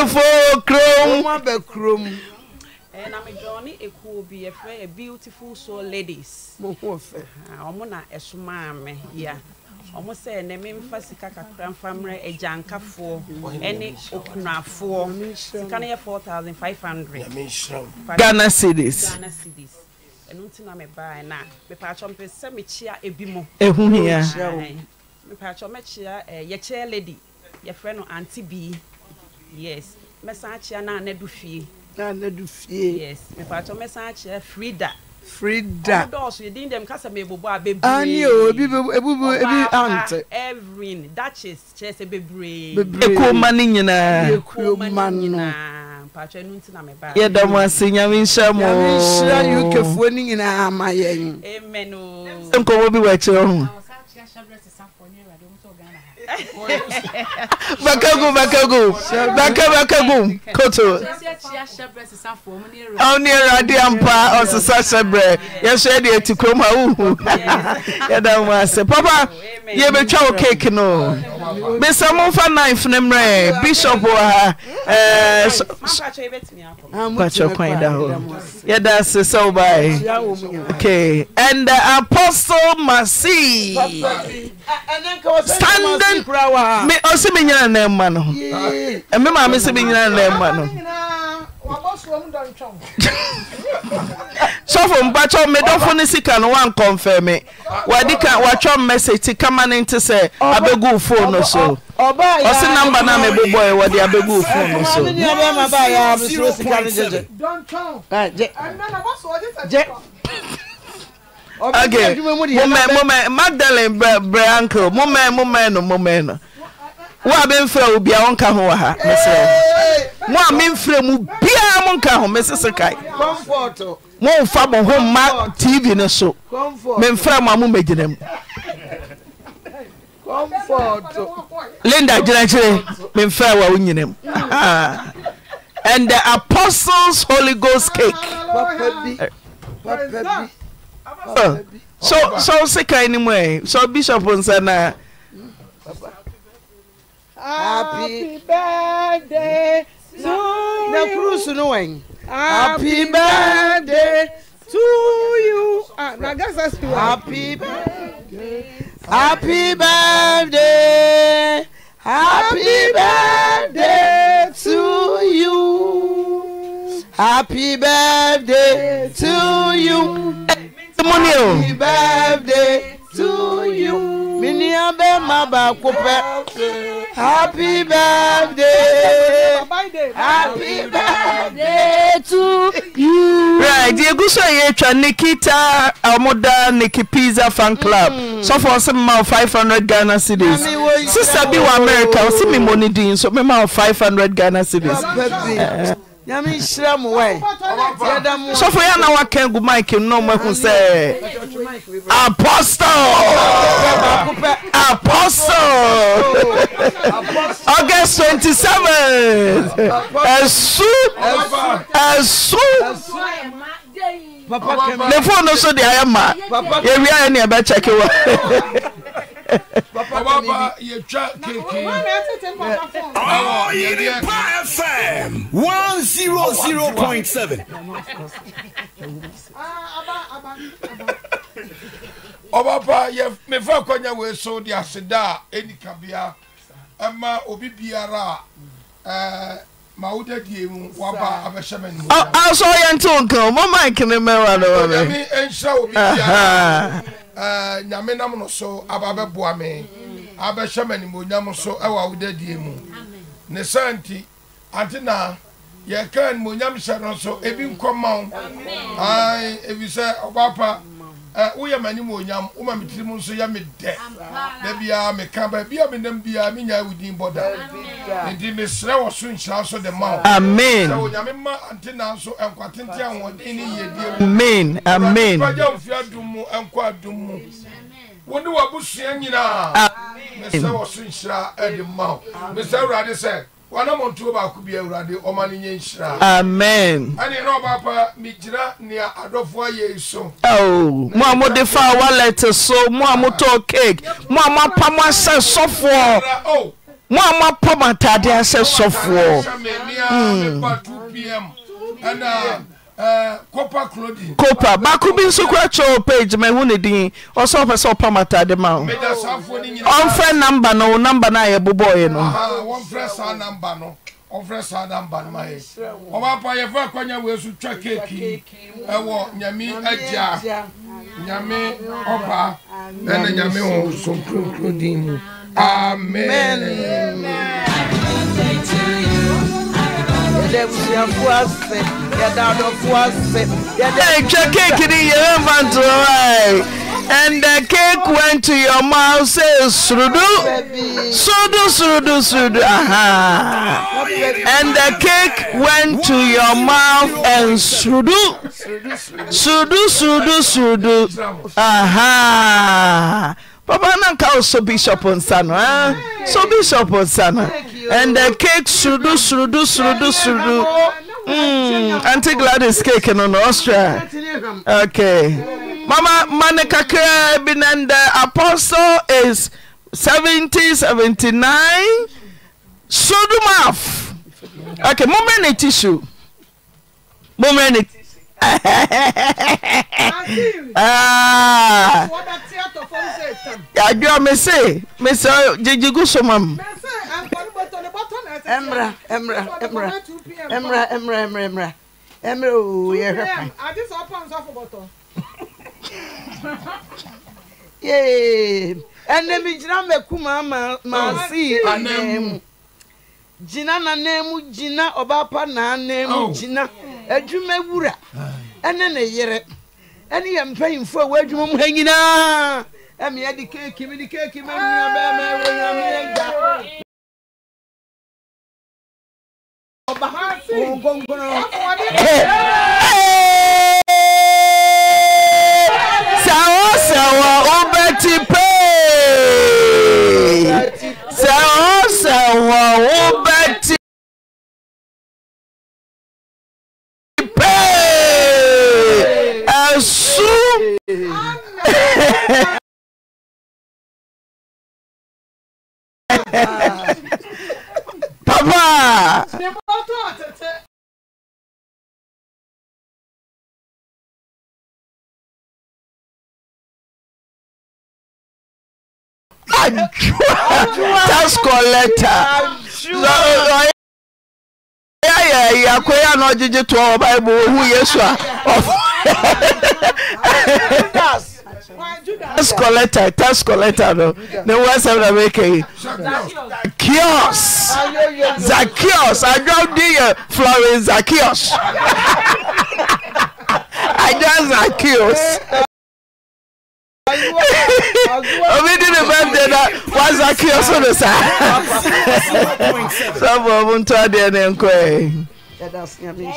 fo krom. ɛɛ na medwɔn ne ekuo bi yɛfrɛ yɛ beautiful soul ladies. mo ho fɛ. ɔmo na ɛsomaa mɛ ya ɔmo sɛ ɛnɛ memfa sika kakra mfa mmerɛ agyankafoɔ ɛne okunafoɔ sika no yɛ four thousand five hundred ghana cities Ghana cities. ɛno nti na mebaɛ na mepaakyɛ mpɛ sɛ mekyia ebi mu ɛhu hia mepaakyɛ mɛkyia yɛkyɛ lady yɛfrɛ no anti bii yes mɛsan akyia na anadu fie na anadu fie yes mepaakyɛ mɛsan akyia frida frida ọdọọsọ edin dem kasa ma ebubu a bebree ani ah, o ebi ebubu ebi aunt ah, erin duchess kyerẹsẹ bebree bebree ekoma ni nyinaa ekoma ni nyinaa mpatwa ẹnu ti na mi ba yẹ dọmọ ase nyame nhyia mu nyame nhyia uk fuo ni nyinaa ama yẹn amen o nkɔmɔ bi wɔ akyire ho. Bakagu, Bakagu, Bakagu, Bakagu, Koto. Only a radiampa or Sasha bread. Yes, ready to come out. Yadam was a papa. You have a chow cake, no. Miss Amofa knife, Nemre, Bishop, or her. Eh, Watch your coin down. Yeah, that's a so by. Okay. And the apostle Masi standing ɔsɛ menyina na ma no me maa me sɛ menyina na ma no sɔfo mpakyɛ medɔfo no sika no woankɔmfɛ me wade ka watwɛ message ti kama ne nte sɛ abɛgu fo no so ɔse namba na a mebobɔe wɔde abɛgu fo no so okay mumɛ magdalen brɛ uncle mumɛ mumɛ no mumɛ no wo a memfrɛ wo bia wonka ho wɔ ha mesrɛ mo a memfrɛ mu biaa mo nka ho mesese kae oh. momfa mo ho ma tv no so memfrɛ mo a mo mɛgyina mu oh. linda gyina kyerɛ memfrɛ wo a wonyina mu hmm. and the apostles holy ghost cake Papa B. Papa B so so sekan ni mu ɛ eh. so bishop nsa na. happy birthday to you. na cruise no wɛn. happy birthday to you. ah na gasa si wa. happy birthday. happy birthday. Happy birthday to you. Happy birthday to you mu ni o. happy birthday to you. mi ní abẹ́ máa happy birthday happy birthday to you. right egusi oye twa nikita amuda niki pizza fan club sọfọ ọsẹ mi ma ọ five hundred ghana cedis sista bi wọ america ọsẹ mi mo ni di So mi ma ọ five hundred ghana cedis nyame nhyira mu wɛ sɔfo yɛ na waka gu mike no mu ahu sɛ apostle apostle august 27 ɛsu ɛsu ne fone no so de ayɛ ma yɛwia ne ɛbɛkyɛke wɔ papa ba yɛtwa keke ɔyiripa fm one zero zero point seven. ɔbapa yɛ mefa akɔnya wei so de aseda a ɛni kabea ɛma obi biara a eh, ma wo da die mu waba abɛhyɛ ma nimu. asɔ yɛn to nkan o mo mic ne mɛwa na wɔn. ɔnyame nhyɛ obi biara. Eh, nyame nam no so aba bɛboa me abɛhyɛ me animonyam so ɛwɔ awodadie mu ne saa nti ante na yɛka animonyam hyɛ no so ebi nkɔ ma wo ɛfiri sɛ ɔbaapa Eh, woyɛ m'ani mu onyam woma me tirim nso yɛ me dɛ da biara meka baabi a menam biara menya wo din bɔ da nti mesrɛ wɔ so nhyira so de ma wo amen onyame ma antena nso ɛnkwatente ahoɔden ne yiedie mu amen mu ɛnkɔ adom mu wo ne wabusua nyinaa mesrɛ wɔ so nhyira de ma wo mesrɛ awurade sɛ wanamɔntuo baako bi awurade ɔma no nyɛ nhyira amen ɛne na ɔba pa megyina nea adɔfoɔ ayɛ yi so mo a mode faa wallet so mo a motɔɔ cake mo a moapam asɛ sɔfoɔ mo a moapam atade asɛ sɔfoɔ Uh, copa baako bi nso kora kyerɛwo page ma ɛhu ne din ɔsɛ ɔpɛ sɛ ɔpa matade ma wo ɔmfrɛ nambe no wo nambe no ayɛ bobɔɔeɛ no ɔmfrɛ saa namba no keeki ɛwɔ ɛna so din mu amen si Mm. anti gladys kakenono austria k mane kakra binenthe apostle is 779 sudomaf k momrene tise a mese mis igigu somam Emra, Emra, Emra, Emra, Emra, Emra, Emra, Emra, ooo, yẹ hẹ pa. Adi sọ pọ nsọ fún bọtọ. Yee, ẹnẹmi gyina mẹku maa maa si na Gyina n'anẹmu, gyina oh. ọbaapa n'anẹmu, gyina edwuma ewura ɛne ne yere ɛne yɛ mpanyinfo a wɔadwuma mu ha nyinaa ɛmi ɛdi keeki mi di keeki mi ɛnua bɛɛ mɛ ɛwɔ nyame ɛgya. bàbá òun góńgó náà. sàwọ́ sàwọ́ ó bẹ́ ti pé sàwọ́ sàwọ́ ó bẹ́ ti. pé ẹ̀sùn. Ha ha ha. tax collector ya ya Yeah, kwe ya na ọjịjị tụọ ọba igbo tax collector tax collector no ne wọn sẹ na mi kẹ yi zakios zakios adwam di yẹ florin zakios adwam zakios obi di ne birthday na wa zakios no sa sábà ọmọ ntọ́ adìẹ ní nkọ́ ẹ̀.